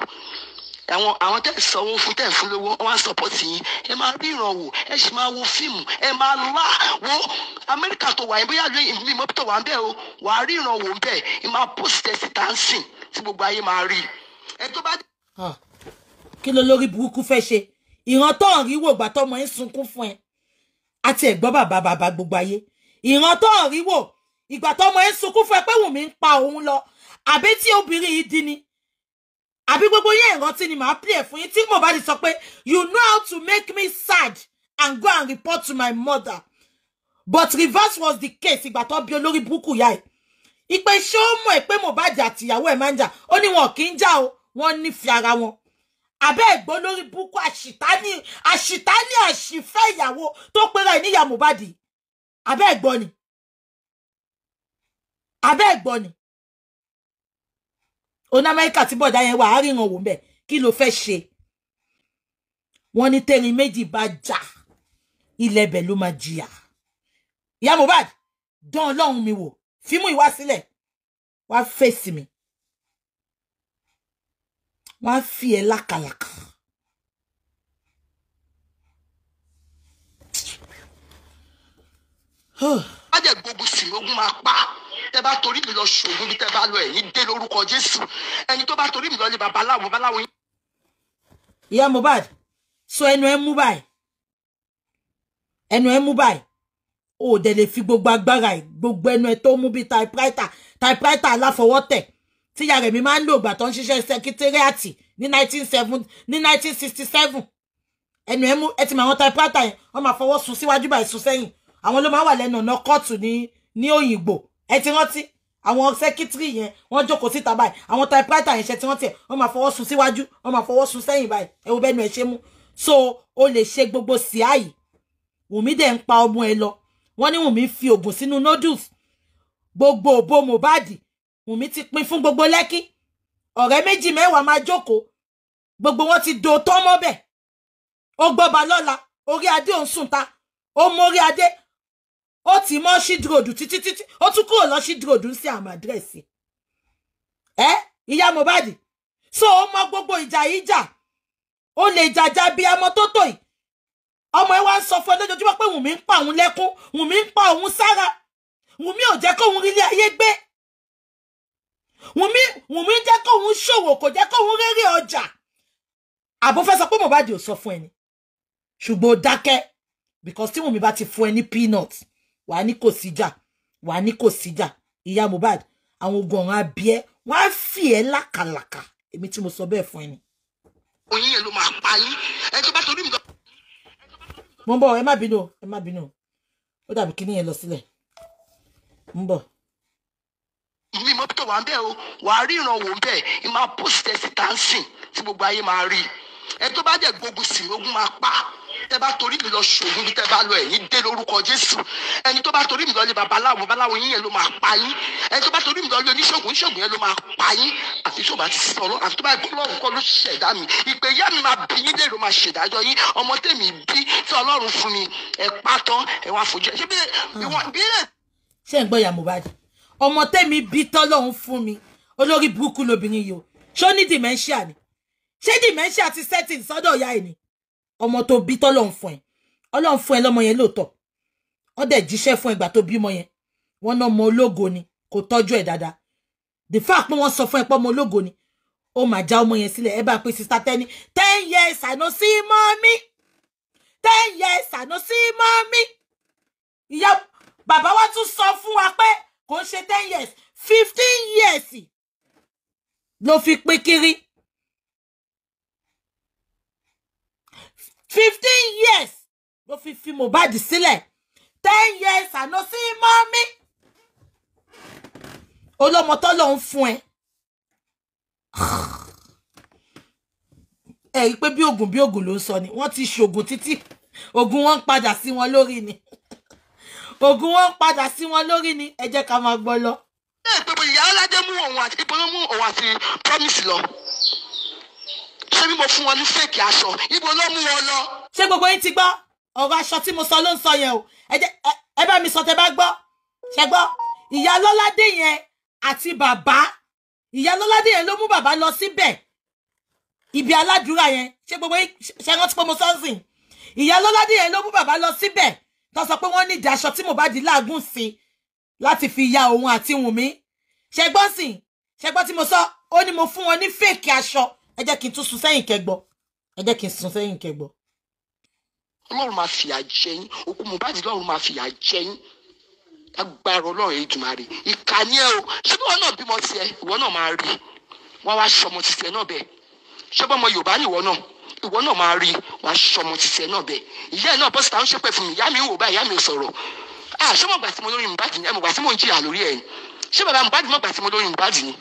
Speaker 3: àwọn àwọn tẹ̀ sanwó fún tẹ̀ fún lówó wọn á sọpọ́tì yín ẹ máa ríran wò ẹ sì máa wo fíìmù ẹ máa lá wo amẹ́ríkà tó wà yín bóyá lóyún mi mọ́tò wà ń bẹ̀ o wà á ríran wò ń bẹ̀ ẹ máa pósìtẹ̀ sí táǹsìn tí gbogbo ayé máa rí
Speaker 2: ah, kí ló lórí burúkú fẹ́ ṣe ìran tó ń rí wò gbà tọmọ ń sunkún fún ẹ àti ẹ̀gbọ́n bàbá bàbá gbogbo ayé ìran tó ń rí wò ìgbà tọmọ ń sunkún fún ẹ pé Wùnmí ń pa òun lọ àbí tí obìnrin yìí dín ni àbí gbogbo yẹn ìrántí ni màá play fún yín tí mo bá ti sọ pé you know how to make me sad and go and report to my mother but reverse was the case ìgbà tó bí olórí burúkú yá ẹ ìpè ṣé ó mọ̀ ẹ pé Mohbad àtìyàwó ẹ̀ máa ń jà ó ní wọn kì í jà o wọ́n nífẹ̀ẹ́ ara wọn abẹ́ ẹ̀gbọ́n lórí búkú àṣìtání àṣìtání àṣìfẹ́ ìyàwó tó pera ẹ̀ níyà Mohbad abẹ́ ẹ̀gbọ́n ni abẹ́ ẹ̀gbọ́n ni oní Amẹ́ríkà tí bọ̀dá yẹn wà á ríran wò mbẹ̀ kí ló fẹ́ ṣe wọ́n ní tẹ́rin méjì bá jà ilẹ̀ ẹbẹ̀ ló máa jìyà ìyá Mohbad dán ọlọ́run mi wò fímú ìwá sílẹ̀ wá fèsì mi wọ́n á fi ẹ́ lákàlàkà.
Speaker 3: má jẹ́ gbogbo sìnrógún máa pa tẹ́ bá torí mi lọ ṣògùn bí tẹ́ bá lọ ẹ̀yìn dé lórúkọ jésù ẹni tó bá torí mi lọ lé babaláwo babaláwo.
Speaker 2: ìyá Mohbad sọ ẹnu ẹ mú báyìí ẹnu ẹ mú báyìí o ò dẹ̀ lè fi gbogbo agbára ẹ gbogbo ẹnu ẹ tó mú bíi typewriter typewriter aláfọwọ́tẹ̀ tíyà rẹ̀ mi máa ń lò ìgbà tó ń ṣiṣẹ́ sẹkítẹ́rìàtì ní nineteen seven ní nineteen sixty seven ẹnu ẹ mú ẹ ti mọ àwọn taipata yẹn wọ́n máa fọwọ́ sun síwájú báyìí sun sẹ́yìn àwọn ló máa wà lẹ́nu ọ̀nà kóòtù ní ní òyìnbó ẹ ti rántí àwọn sẹkítírì yẹn wọ́n jókòó síta báyìí àwọn taipata yẹn ṣe ti rántí ẹ wọ́n máa fọwọ́ sun síwájú wọ́n máa fọwọ́ sun sẹ́yìn báyìí ẹ wo bẹ́nu ẹ ṣe mú so o lè ṣe gbogbo síá yìí Wùmí dẹ̀ ń pa ọmọ ẹ lọ wọ́n ní Wùmí fi oògùn sínú noodles gbogbo òbó Mohbad Wùmí ti pín fún gbogbo Lẹ́kí ọ̀rẹ́ méjì mẹ́wàá máa jókòó gbogbo wọn ti do tán mọ́bẹ̀ ó gbọ́ba lọ́la orí adé òun sùn ta ó mórí adé ó ti mọ́ ṣídìròdù títí títí ó tún kúrò lọ ṣídìròdù sí àmọ́ àdírẹ́sì ẹ ìyá Mohbad so ó mọ gbogbo ìjà yìí jà ó lè jàjà bí ọmọ tó tò yìí ọmọ ẹ wá ń sọ fún ẹ lójoojúmọ́ pé Wùmí ń pa òun lẹ́kún Wùmí ń pa òun sára Wùmí ò jẹ́ kóun rí ilé ayé gbé Wùmí Wùmí jẹ́ kóun ṣòwò kò jẹ́ kóun rérè ọjà àbò fẹ́ sọ pé Mohbad ò sọ fún ẹni ṣùgbọ́n ó dákẹ́ because tí Wùmí bá ti fún ẹ ní peanut wà á ní kò síjà wà á ní kò síjà ìyá Mohbad àwọn ogun ọ̀run abíẹ́ wọ́n á fì ẹ́ lákàlàkà èmi tí mo sọ bẹ́ẹ̀ fún ẹni.
Speaker 3: oyin yẹn ló máa pa yín ẹ tó bá torí mi.
Speaker 2: mo ń bọ̀ ẹ má bínú ẹ má bínú ó dàbí kíní yẹn lọ sílẹ̀ ń bọ̀
Speaker 3: mọ́tò wà ń bẹ̀ o wà á rí ìran wò ń bẹ̀ ẹ máa post ẹ síta ń sìn tí gbogbo ayé máa rí ẹ tó bá dẹ̀ gbógun sí ogun máa pa tẹ bá torí mi lọ ṣògùn bí tẹ bá lọ ẹ̀yin dé lórúkọ jésù ẹni tó bá torí mi lọ lé babaláwo babaláwo yín yẹn ló máa pa yín ẹni tó bá torí mi lọ lé oníṣègùn oníṣègùn yẹn ló máa pa yín àfi tó bá ti sí ọlọ àfi tó bá gbọ́ ọ̀rùn kọ́ ló ṣẹ̀dá mi ìpè ìyá mi máa bí yín lérò máa ṣèdájọ́ yín ọmọ tèmi bí tí ọlọ́run fún mi ẹ pátán ẹ wá fojú ẹ ṣé bí ẹ.
Speaker 2: ṣé ń gbọ́ ìyá Mohbad ọmọ tẹ́mi bí tọ́lọ́hún fún mi olórí burúkú lobìnrin yìí o ṣó ní dementia ni ṣé dementia ti setting sọ́dọ̀ ìyá ẹ̀ ni ọmọ tó bí tọ́lọ́hún fún ẹ ọlọ́hún fún ẹ lọ́mọ yẹn lóòótọ́ wọ́n dẹ̀ jíṣẹ́ fún ẹgbà tó bímọ yẹn wọ́n ná ọmọ ológo ni kò tọ́jú ẹ̀ dáadáa the fact pé wọ́n sọ fún ẹ pé ọmọ ológo ni ó máa já ọmọ yẹn sílẹ̀ ẹ bá pé sista tẹ́ni ten years àná sí mọ́ mi ten years àná sí mọ́ mi ìyá bàbá wa tún sọ fún wa pé kò ń ṣe ten years fifteen years ló fi pín kiri fifteen years ló fi fi Mohbad sílẹ̀ ten years àná sí mọ́mí olómọ tó lòun fún ẹ ẹ rí i pé bí oògùn bí oògùn ló ń sọ ni wọ́n ti ṣoògùn títí oògùn wọn ń padà sí wọn lórí ni ògùn wọn padà sí wọn lórí ni ẹ jẹ́ ká máa gbọ́ lọ. ẹ
Speaker 3: eh, gbogbo ìyá aládé mú òun àti ìbọn mú òun àti promise lọ ṣé bí mo fún wọn ní fèkì aṣọ ibo ló mú wọn lọ. ṣé gbogbo yín ti gbọ́ ọ̀rọ̀ aṣọ tí
Speaker 2: mo sọ ló ń sọ yẹn o ẹ bá mi sọ tẹ bá gbọ́ ṣẹ gbọ́ ìyá lọ́ládé yẹn àti bàbá ìyá lọ́ládé yẹn ló mú bàbá lọ síbẹ̀ ibi aládùúrà yẹn ṣé gbogbo yín ṣe rántí pé mo sọ́nsìn ìyá lọ́ládé yẹn ló mú bàbá lọ síbẹ̀ tó sọ pé wọ́n nídìí aṣọ tí Mohbad láàgùn sí láti fi ya òun àti Wùnmí ṣẹgbọ́n sì ṣẹgbọ́n tí mo sọ ó ní mo fún wọn ní fèkì aṣọ ẹ jẹ́ kí n tún sún sẹ́yìn kẹgbọ́ ẹ jẹ́ kí n sún sẹ́yìn kẹgbọ́.
Speaker 3: ọlọ́run máa fìyà jẹ yín òkú Mohbad lọ́run máa fìyà jẹ yín agbára ọlọ́run èyí dùnmá rè ìkà ẹ o ṣé bí wọn náà bímọ tiẹ̀ ìwọ náà máa rí wọn wá ṣọmọ tìtẹ náà bẹ́ẹ̀ ṣé bọ́mọ Yorùbá nìwọ náà ìwọ náà máa rí wàá ṣọmọ tìṣẹ náà bẹ ìyá ẹ náà bọ́ síta ń ṣépè fún mi ìyá mi ń wò báyìí ìyá mi ò sọ̀rọ̀ ah ṣé mo gbà tí mo lórí Mohbad ni ẹ mo gbà tí mo ń jìyà lórí ẹ ni ṣé bàbá Mohbad mo gbà tí mo lórí Mohbad ni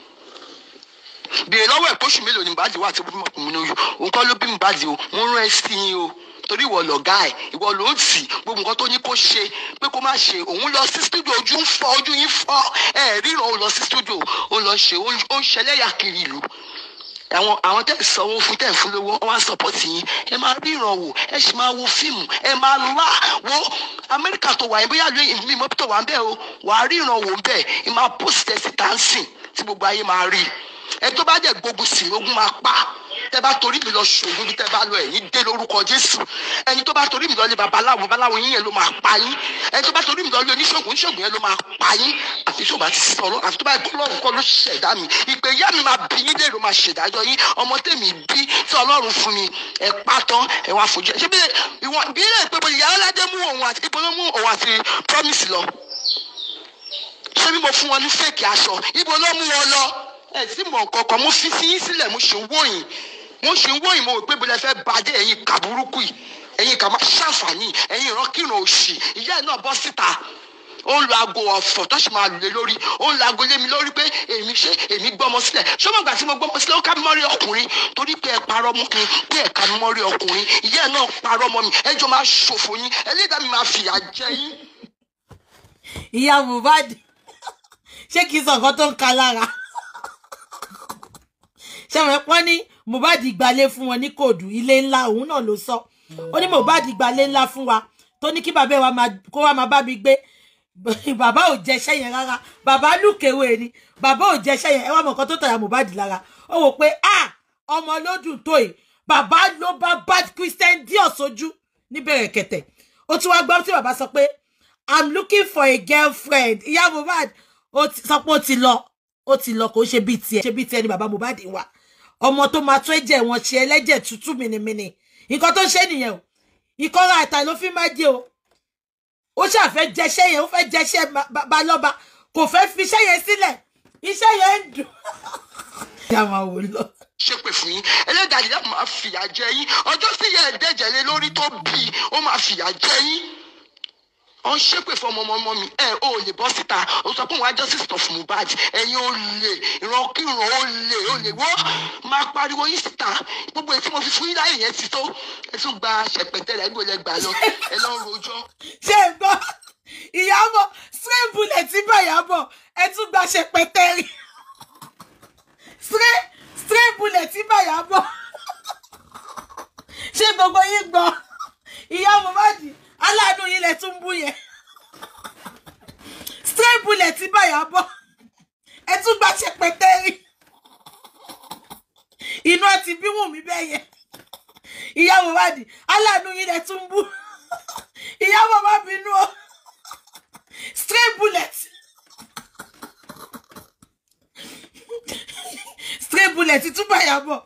Speaker 3: bèrè lọ́wọ́ ẹ̀ pósù mélòó ni Mohbad wà tó bí mo lóyún òun kọ́ ló bí Mohbad o mo rán ẹ sí i o torí ìwọ lọ̀gá ẹ̀ ìwọ ló ń tì gbogbo nǹkan tó ní kó ṣe pé kó má ṣe òun lọ sí studio ojú ń fọ ojú yín fọ ẹ ríran òun lọ sí studio òun lọ ṣe ó ń ṣẹlẹ́yà kiri ìlú àwọn àwọn tẹ́ sanwó fún tẹ́ fún lówó wọ́n á sọ̀pọ̀tì yín ẹ máa rí ìrànwọ́ ẹ sì máa wo fíìmù ẹ máa lá wo amẹ́ríkà tó wà yín bóyá lóyún mi mọ́tò wà ń bẹ́ẹ̀ o wà á rí ìrànwọ́ ń bẹ́ẹ̀ ẹ máa post ẹ̀ sí táǹsì tí gbogbo ayé máa rí i ẹni tó bá jẹ gbógun sí ogun máa pa tẹ bá torí mi lọ ṣògùn bí tẹ bá lọ ẹ̀yin dé lórúkọ jésù ẹni tó bá torí mi lọ lé babaláwo babaláwo yín yẹn ló máa pa yín ẹni tó bá torí mi lọ lé oníṣègùn oníṣègùn yẹn ló máa pa yín àfi tó bá ti sọ̀rọ̀ àfi tó bá kọ lọrùn kọ ló ṣẹ̀dá mi ìpè ìyá mi máa bí yín lèrò máa ṣèdájọ́ yín ọmọ tèmi bí tí Ọlọ́run fún mi ẹ pa tán ẹ wá fojú ẹ ṣé bí ìwọn bí ilé ìpè ìyá ọlọdẹ mú òun àti ìpè mú òun àti promise lọ ṣé bí mo fún wọn ní fèkì aṣọ ibo ló mú wọn lọ ẹ sì mọ̀ kankan mo fi sí sílẹ̀ mo ṣe wó yín mo ṣe wó yín mo rò pé bọ́lá fẹ́ bàjẹ́ ẹ̀yin kà burúkú yìí ẹ̀yin kà máa ṣàǹfààní ẹ̀yin ìrankìrìn òṣì ìyá ẹ̀ náà bọ́ síta ó ń lo aago ọ̀fọ̀ tó ṣe máa lè lórí ó ń lo aago lé mi lórí pé èmi ṣe èmi gbọ́mọ sílẹ̀ ṣọ́mọ̀gbà tí mo gbọ́mọ sílẹ̀ ó ká mi mọ́rí ọkùnrin torí pé ẹ parọ́ mú mi pé ẹ ká mi mọ́rí ọkùnrin ìyá ẹ̀ náà parọ́ mọ́ mi ẹjọ́ máa ṣòfò yín ẹlẹ́dàá mi máa fìyà jẹ yín. ìyá Mohbad ṣé kìí
Speaker 2: sọ nǹkan tó ń ka lára ṣẹ̀wọ̀n ẹ̀pọ́ ní Mohbad gbalé fún wọn ní kóòdù ilé ńlá òun náà ló sọ ó ní Mohbad gbalé ńlá fún wa tó ní kí bàbá wa kó wa máa bá mi gbé bàbá ò jẹṣẹ́ yẹn rárá bàbá lùkèwé ni bàbá ò jẹṣẹ́ yẹn ẹ wá mọ̀ nǹkan tó tàyà Mohbad lára ó wò pé ah ọmọ ló dùn tó yìí bàbá ló bá bad Christian dior sójú níbẹ̀rẹ̀ kẹ̀tẹ̀ ó tún wá gbọ́ tí bàbá sọ pé i'm looking for a girlfriend ìyá Mohbad ó sọ pé ó ti lọ ó ti lọ kò ṣe bíi tiẹ̀ ṣe bíi tiẹ̀ ni bàbá Mohbad wà ọmọ tó máa tó ẹ̀jẹ̀ wọn ṣe ẹlẹ́jẹ̀ tútù mìnìmìnì nǹkan tó ṣe nìyẹn o ìkọra àtà ló fi máa jẹ o ó ṣàfẹ́ jẹṣẹ́ yẹn ó fẹ́ jẹṣẹ́ balọ́ba kò fẹ́ fi iṣẹ́ yẹn sílẹ̀
Speaker 3: iṣẹ́ yẹn ń dùn.
Speaker 2: ìyá máa wò lọ
Speaker 3: ṣépè fún yín ẹlẹ́dàá ìyá máa fìyà jẹ yín ọjọ́ sí yẹn ẹ̀ẹ́dẹ́jẹ̀ lé lórí tó bí ó máa fìyà jẹ yín ọ̀n ṣépè fún ọmọ ọmọ mi ẹ ò lè bọ́ síta ó sọ pé òun á justice tọ̀ fún Mohbad ẹ̀yin ò lè ìrankíran ò lè ò lè wọ́ máa pariwo yín síta gbogbo èyí tí mo fi fún yín láyè yẹn ti tó ẹ tún gba ṣẹpẹtẹ rẹ níbo lẹ gbà lọ ẹ lọ rojọ́. ṣé ẹ gbọ́ ìyàbọ̀ stray bullet bá ìyàbọ̀ ẹ tún gba
Speaker 2: ṣẹpẹtẹ rí stray stray bullet bá ìyàbọ̀ ṣé gbogbo yín gbọ́ ìyá Mohbad aládùn yín lẹ tún bú yẹn straight bullet ti báyà bọ́ ẹ tún gba ṣẹpẹtẹ rí inú ẹ ti bí Wùnmí bẹ́ẹ̀ yẹn ìyàwó wádìí aládùn yín lẹ tún bú ìyàwó má bínú o straight bullet straight bullet ti tún báyà bọ̀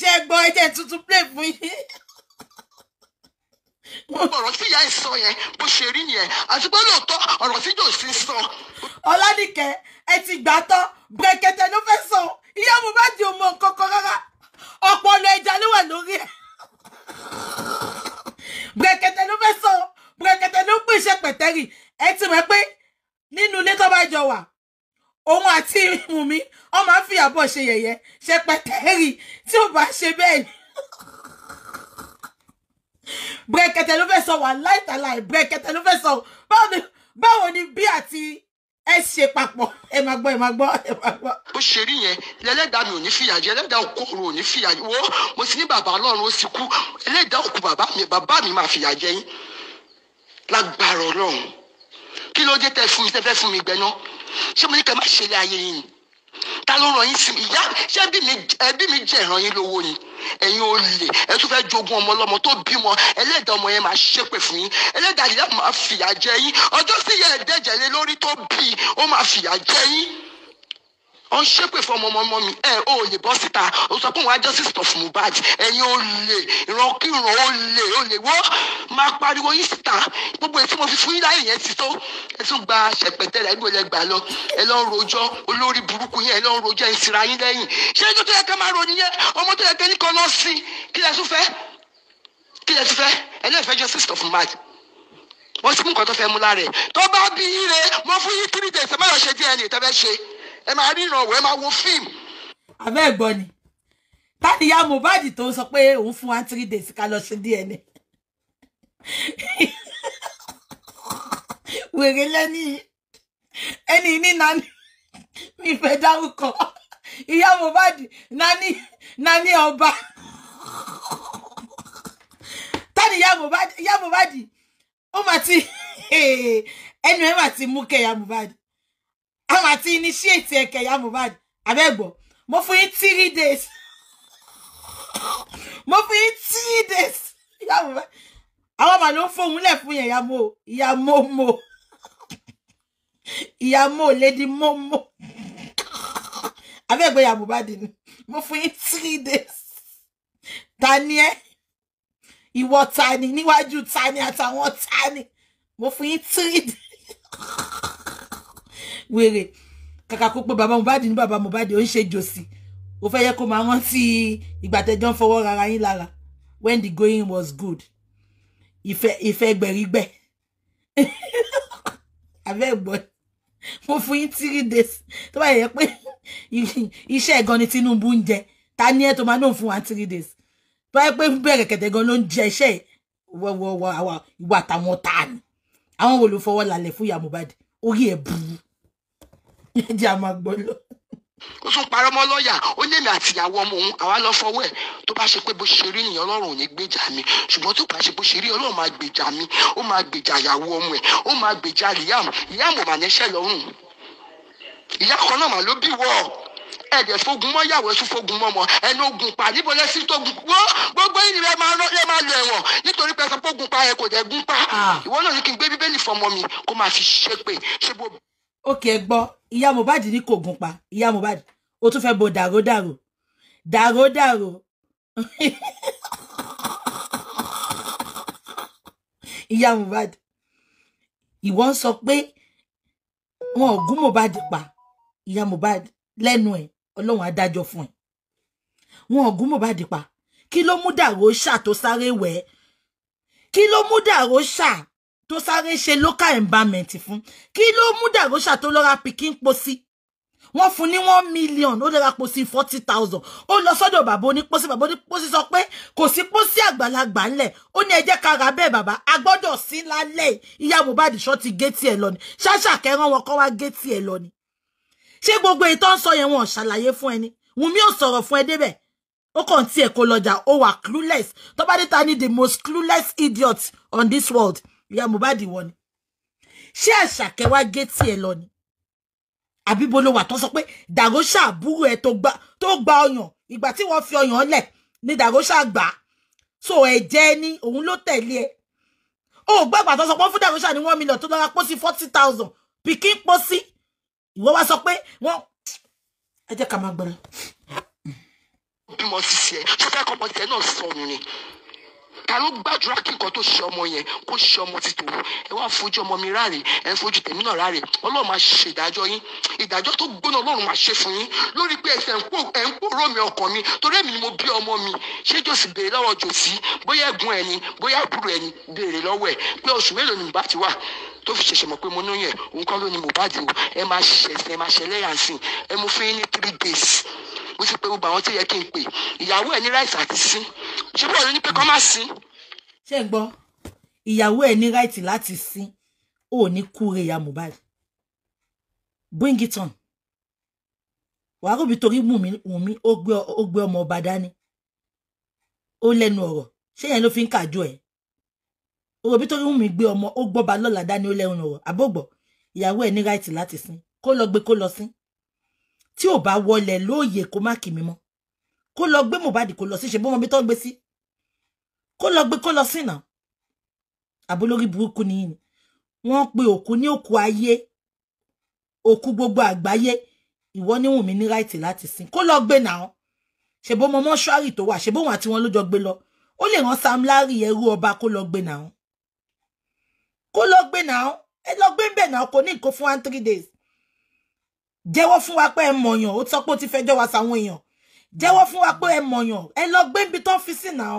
Speaker 2: ṣe gbọ́ ẹ
Speaker 3: jẹ́ tuntun play fún yín gbogbo tí ìyá ẹ̀ sọ yẹn bó ṣe rí nìyẹn àti pé lóòótọ́ ọ̀rọ̀ tí jòsí sọ. ọládìkẹ ẹ ti
Speaker 2: gbà tán gbẹkẹtẹ ló fẹ́ sọ ìyá mo bá di ọmọ kankan rárá ọpọlọ ẹja ló wà lórí ẹ gbẹkẹtẹ ló fẹ́ sọ gbẹkẹtẹ ló pè iṣẹ pẹtẹrì ẹ ti mọ̀ pé nínú ilé tó bá jọ wà òun àti Wùnmí wọn máa ń fi àbọ̀ ṣe yẹ̀yẹ́ ṣe pẹtẹrì tí ò bá ṣe bẹ́ẹ̀ ni brẹkẹtẹ ló fẹ́ sọ wà láìtàláì brẹkẹtẹ ló fẹ́ sọ báwo ni báwo ni bí àti ẹ ṣe papọ̀ ẹ máa gbọ́ ẹ máa
Speaker 3: gbọ́ ẹ máa gbọ́. bó ṣe rí yẹn lẹ́lẹ́dàá mi ò ní fìyà jẹ ẹlẹ́dàá òkúrò ò ní fìyà jẹ wo mo ti ní bàbá ọlọ́run ó sì kú ẹlẹ́dàá òkú bàbá mi bàbá mi máa fìyà jẹ yín lágbára ọlọ́run kí ló dé tẹ fún mi tẹ fẹ́ fún mi gbẹ náà ṣé mo ní kẹ́ máa ṣe ilé ayé yín ta ló ràn yín sí mi ìyá ṣé ẹbí mi jẹ̀ràn yín lówó ni ẹ̀yin olè ẹ tún fẹ́ jogún ọmọ ọlọ́mọ tó bímọ ẹlẹ́dàá ọmọ yẹn máa ṣépè fún yín ẹlẹ́dàá yìí máa fìyà jẹ yín ọjọ́ sí yẹ ẹ̀ẹ́dẹ́jẹ̀ lé lórí tó bí ó máa fìyà jẹ yín ọ ń ṣépè fún ọmọ ọmọ mi ẹ ò lè bọ́ síta ó sọ pé òun á justice tọ̀ fún Mohbad ẹ̀yin ò lè ìrankíran ò lè ò lè wọ́ máa pariwo yín síta gbogbo ètí mo fi fún yín láyè yẹn ti tó ẹ tún gba ṣẹpẹtẹ rẹ níbo lẹ gbà lọ ẹ lọ ń rojọ́ olórí burúkú yẹn ẹ lọ ń rojọ́ ẹ sira yín lẹ́yìn ṣé ẹjọ́ tó yẹ ká máa ròyìn yẹn ọmọ tó yẹ ká nìkan lọ sí kí lẹ tún fẹ́ kí lẹ tún fẹ́ ẹ lè fẹ́ justice tọ̀ Mohbad wọ́n sì mú nǹkan tó fẹ́ mú lára ẹ̀ tó bá bí ire mo fún yín three days ẹ má lọ ṣe díẹ̀ ní ìtọ́fẹ́ ṣe ẹ máa rí ìrànwọ́ ẹ máa wo fíìmù. àbẹ́ ẹ̀gbọ́n ni tánìyá Mohbad tó
Speaker 2: ń sọ pé òun fún wa three days ká lọ ṣe DNA wèrè lẹ́ni ẹni ní nani mi fẹ́ dárúkọ ìyá Mohbad nani nani ọba tani ìyá Mohbad ìyá Mohbad ó mà ti ẹnu ẹ mà ti mú kẹ Mohbad àwọn àti initiate ẹ̀kẹ́ ìyá Mohbad abẹ́gbọ̀ mo fún yín three days mo fún yín three days ìyá Mohbad àwọn màá ló ń fóun lẹ̀ fún yẹn ìyá mo ìyá mo mo ìyá mo lady mo mo abẹ́gbẹ́ ìyá Mohbad ni mo fún yín three days ta ni ẹ́ ìwọ ta ni níwájú ta ni àtàwọn ta ni mo fún yín three days wèrè kàkà kó pé bàbá Mohbad ní bàbá Mohbad ó ń ṣe jòsì ó fẹ́ yẹ kó máa rántí ìgbà ń fọwọ́ rara yín lára when the going was good ìfẹ́ ìfẹ́ gbẹ̀rígbẹ̀ abẹ́ ẹ̀gbọ́n mo fún yín three days tó bá yẹ pé iṣẹ́ ẹ̀gan ni Tinubu ń jẹ ta ni ẹ tó máa lóun fún wa three days tó bá yẹ pé bẹ̀rẹ̀ kẹ̀tẹ̀ gan ló ń jẹ iṣẹ́ ẹ̀ wọ́wọ́wọ́ ìwà àtàwọn ta ni àwọn wo ló fọwọ́ lálẹ́ fún ìyá orí ẹ̀ burú jẹ́ a máa gbọ́
Speaker 3: lọ. ó tún parọ́ mọ́ lọ́ọ̀yà ó lèmi àtìyàwó ọmọ òun àwa lọ fọwọ́ ẹ̀ tó bá ṣe pé bó ṣe rí nìyẹn ọlọ́run ò ní gbèjà mi ṣùgbọ́n tó bá ṣe bó ṣe rí ọlọ́run máa gbèjà mi ó máa gbèjà ìyàwó ọmọ ẹ̀ ó máa gbèjà liam liam ò mà lọ́rùn ìyá kan náà mà ló bí wọ́ ẹ̀dẹ̀ fogun mọ́ yàwó ẹ̀ tún fogun mọ́ mọ́ ẹnu ogun pa níbo lẹ́sí tó gun wọ́ gbogbo yìí ni ẹ máa lọ ẹ̀wọ̀n nítorí pé ẹ sọ pé ogun pa ẹ kò dẹ̀ gun pa ah. ìwọ náà ní kí n gbé bíbélì fọmọ mi kó máa fi ṣépè ṣé òkè ẹ gbọ́ ìyá Mohbad ní kò
Speaker 2: gún pa ìyá Mohbad ó tún fẹ́ bo dàródàrò dàródàrò ìyá Mohbad ìwọ ń sọ pé wọn ò gún Mohbad pa ìyá Mohbad lẹ́nu ẹ̀ Ọlọ́run adájọ́ fún ẹ wọn ò gún Mohbad pa kí ló mú dàró ṣà tó sáré wẹ̀ kí ló mú dàró ṣà tó sáré ṣe local environment fún kí ló mú dàgóṣà tó lọ́ra pikin po sí wọ́n fún ní one million ó lọ́ra po sí forty thousand ó lọ sọ́dọ̀ bàbá onípòsí bàbá onípòsí sọ pé kò sí pósí àgbàlagbà ńlẹ̀ ó ní ẹjẹ́ kára bẹ́ẹ̀ bàbá a gbọ́dọ̀ sí lálẹ́ ìyá Mohbad ṣọ́ ti géètì ẹ̀ lọ ni ṣáṣà kẹran wọn kọ́ wá géètì ẹ̀ lọ ni ṣé gbogbo ìtàn sọ yẹn wọn ò ṣàlàyé fún ẹni Wùmí ò sọ̀rọ̀ fún ẹ débẹ̀ ó kàn tí ẹ kó lọjà ó wà clueless tó bá dé ta ni the most clueless idiot on this world ìyá Mohbad wọ ni ṣé àṣàkẹ́ wá gé tiẹ̀ lọ ni àbí bolo wà tó sọ pé dàgóṣà àbúrò ẹ̀ tó gba ọyàn ìgbà tí wọ́n fi ọyàn lẹ̀ ni dàgóṣà gbà á so ẹ̀jẹ̀ ni òun ló tẹ̀lé ẹ̀ ó gbàgbà tó sọ pé fún dàgóṣà ni wọ́n mílíọ̀n tó lọ́ra pósí forty thousand pikin pósí ìwọ wá sọ pé wọ́n ẹ jẹ́ ká máa gbọ́n.
Speaker 3: mo ti ṣe ṣé fẹ́ kọ́ ọmọ tẹ náà ni ta ló gbàdúrà kí nǹkan tó ṣe ọmọ yẹn kó ṣe ọmọ ti tòun ẹ wá fojú ọmọ mi ráre ẹ ń fojú tèmi náà ráre ọlọ́run máa ṣe ìdájọ́ yín ìdájọ́ tó gbóná ọlọ́run máa ṣe fún yín lórí pé ẹsẹ̀ ẹ̀ ń pòrò mi ọkàn mi torí èmi ni mo bí ọmọ mi ṣé jòsì béèrè lọ́wọ́ jòsì bóyá ẹ̀gbọ́n ẹni bóyá àbúrò ẹni béèrè lọ́wọ́ ẹ̀ pé oṣù mélòó ni bá ti wà tó fi ṣẹ̀ṣẹ̀ mọ̀ pé mo ní yẹn òun kọ́ ló ni Mohbad o ẹ máa ṣẹ̀ṣẹ̀ ẹ máa ṣẹlẹ́yà sí ẹ mo fún yín ní three days mo ti pe gbogbo àwọn tó yẹ kí n pè ìyàwó ẹ ní right àti sin ṣùgbọ́n òun ní pé kọ́ má sin.
Speaker 2: ṣé gbọ́ ìyàwó ẹ ní right láti sin ó ní kúre ìyá Mohbad bring it on wàá rò ó gbé ọmọ ọba dání ó lẹ́nu ọ̀rọ̀ ṣé yẹn ló fi ń kàjọ ẹ̀ òrò torí Wùnmí gbé ọmọ ó gbọ́ba lọ́la dání ó lẹ́nu ọ̀rọ̀ àbọ̀gbọ̀ ìyàwó ẹ̀ ní right láti sin kó lọ gbé kó lọ sin Ti o ba wọlẹ̀ lóòyè kó má kì mí mọ́ kó lọ gbé Mohbad kó lọ sí ṣe bọ́mọ bí tó ń gbé sí kó lọ gbé kó lọ sí nà àbólórí burúkú nìyí ni wọ́n pe òkú ní òkú ayé òkú gbogbo àgbáyé ìwọ ni Wùnmí ní ráìtì láti sìn kó lọ gbé nà án ṣe bọ́mọ mọ́ṣúárì tó wà ṣe bóun àti wọn ló jọ gbé lọ ó lè rán Sam Larry ẹrú ọba kó lọ gbé nà án kó lọ gbé nà án ẹ lọ gbé bẹ̀ nà án kò ní nǹkan fún three days jẹ́wọ́ fún wa pé ẹ mọ̀yàn ó sọ pé ó ti fẹjọ́ wa sáwọn èèyàn jẹ́wọ́ fún wa pé ẹ mọ̀yàn ẹ lọ gbé ibi tó ń fi
Speaker 1: sí náà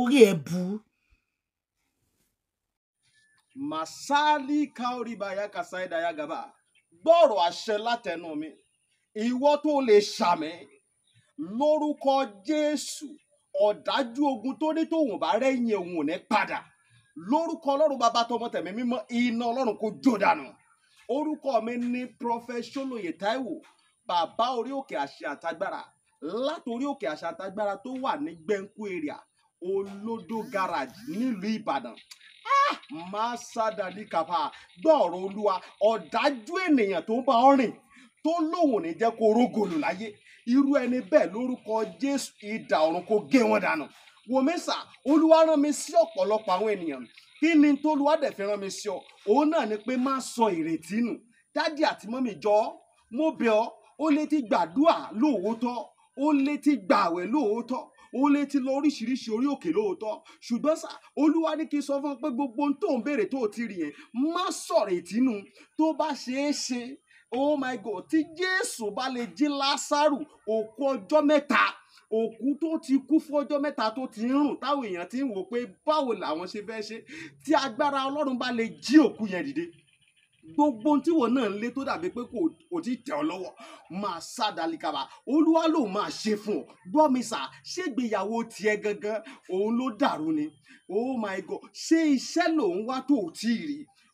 Speaker 1: orí ẹ bú. màsáálì káórì báyà kàsáìdà yà gàbà gbọ́rọ̀ àṣẹ látẹnu mi ìwọ tó lè ṣàmì lórúkọ Jésù ọ̀dájú ogun tó ní tòun bá rẹ́yìn òun ò ní padà lórúkọ ọlọ́run bàbá tọmọ tẹ̀mí mímọ́ iná ọlọ́run kò jó dànù orúkọ mi ní prophet Ṣólóyè Táíwò bàbá orí òkè àṣẹ àtagbára látòrí òkè àṣẹ àtagbára tó wà ní gbẹ̀ǹkú area olódó garage nílùú Ìbàdàn ah! máa sádàdí kàfà gbọ́ọ̀rọ̀ olúwa ọ̀dájú ènìyàn tó ń bá ọ rìn tó lóun ò ní jẹ́ kó rógòlù láyé irú ẹni bẹ́ẹ̀ lórúkọ Jésù idà ọ̀run kó gé wọn dànù wòmísà olúwa rán mi sí ọ̀pọ̀lọpọ̀ àwọn ènìyàn kí ni tó lu adẹ̀fẹ́ràn mi sí ọ òun náà ni pé má sọ ìrètí nù dádì àti mọ́mì jọ ọ́ mo bẹ̀ ọ́ ó lè ti gbàdúà lóòótọ́ ó lè ti gbàwẹ̀ lóòótọ́ ó lè ti lọ oríṣiríṣi orí òkè lóòótọ́ ṣùgbọ́n sá olúwa ní kí n sọ fún ọ pé gbogbo ohun tó ń béèrè tó ti rí yẹn má sọ̀rọ̀ ìtínú tó bá ṣeé ṣe oh my god tí jésù bá lè jí lásàrù òkú ọjọ́ mẹ́ta òkú tó ti kú fọ́jọ́ mẹ́ta tó ti ń rùn táwọn èèyàn ti ń wò pé báwo làwọn ṣe fẹ́ ṣe tí agbára ọlọ́run bá lè jí òkú yẹn dìde gbogbo tí wọn náà ń lé tó dàbí pé kò tí tẹ̀ ọ́ lọ́wọ́ máa sá dalikaba olúwa ló máa ṣe fún ọ gbọ́ mi sà ṣégbéyàwó tiẹ̀ gangan òun ló dàrú ni oh my god ṣé iṣẹ́ lòun wá tó ò tí ì rí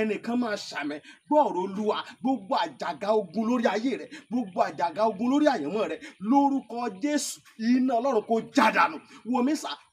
Speaker 1: ẹnìkan máa ṣàmì gbọ́ ọ̀rọ̀ olúwa gbogbo àjàgà ogun lórí ayé rẹ gbogbo àjàgà ogun lórí àyànmọ́ rẹ lórúkọ jésù iná ọlọ́run kò jádànù wòmísà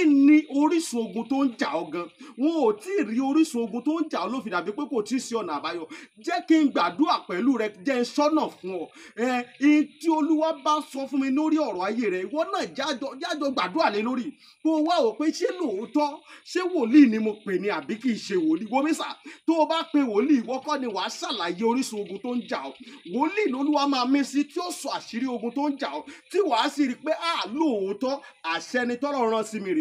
Speaker 1: kí ni orísun ogun tó ń jà ọ gan wọn ò tí ì rí orísun ogun tó ń jà ọ ló fi dàbí pé kò tí ì sí ọ̀nà àbáyọ jẹ́ kí n gbàdúrà pẹ̀lú rẹ jẹ́ n sọ́nà fún ọ ẹ ihun tí olúwa bá sọ fún mi lórí ọ̀rọ̀ ayé rẹ ìwọ náà jájọ jájọ gbàdúrà lé lórí kó wá o pé ṣé lóòótọ́ ṣé wòlíì ni mo pè ní àbí kì í ṣe wòlíì wọ́mísà tó o bá pe wòlíì ìwọ kọ́ ni wàá ṣàlàyé orísun ogun tó ń jà ọ wòlíì lolúwa máa mí sí tí ó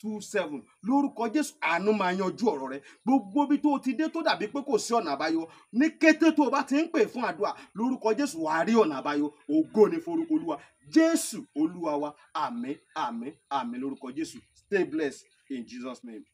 Speaker 1: two seven lórúkọ jésù àánú máa yanjú ọ̀rọ̀ rẹ gbogbo bí tó o ti dé tó dàbí pé kò sí ọ̀nà àbáyọ ní kété tó o bá ti ń pè fún àdúrà lórúkọ jésù wàá rí ọ̀nà àbáyọ ògo ni forúkọ olúwa jésù olúwa wa àmín àmín àmín lórúkọ jésù stay blessed in jesus name.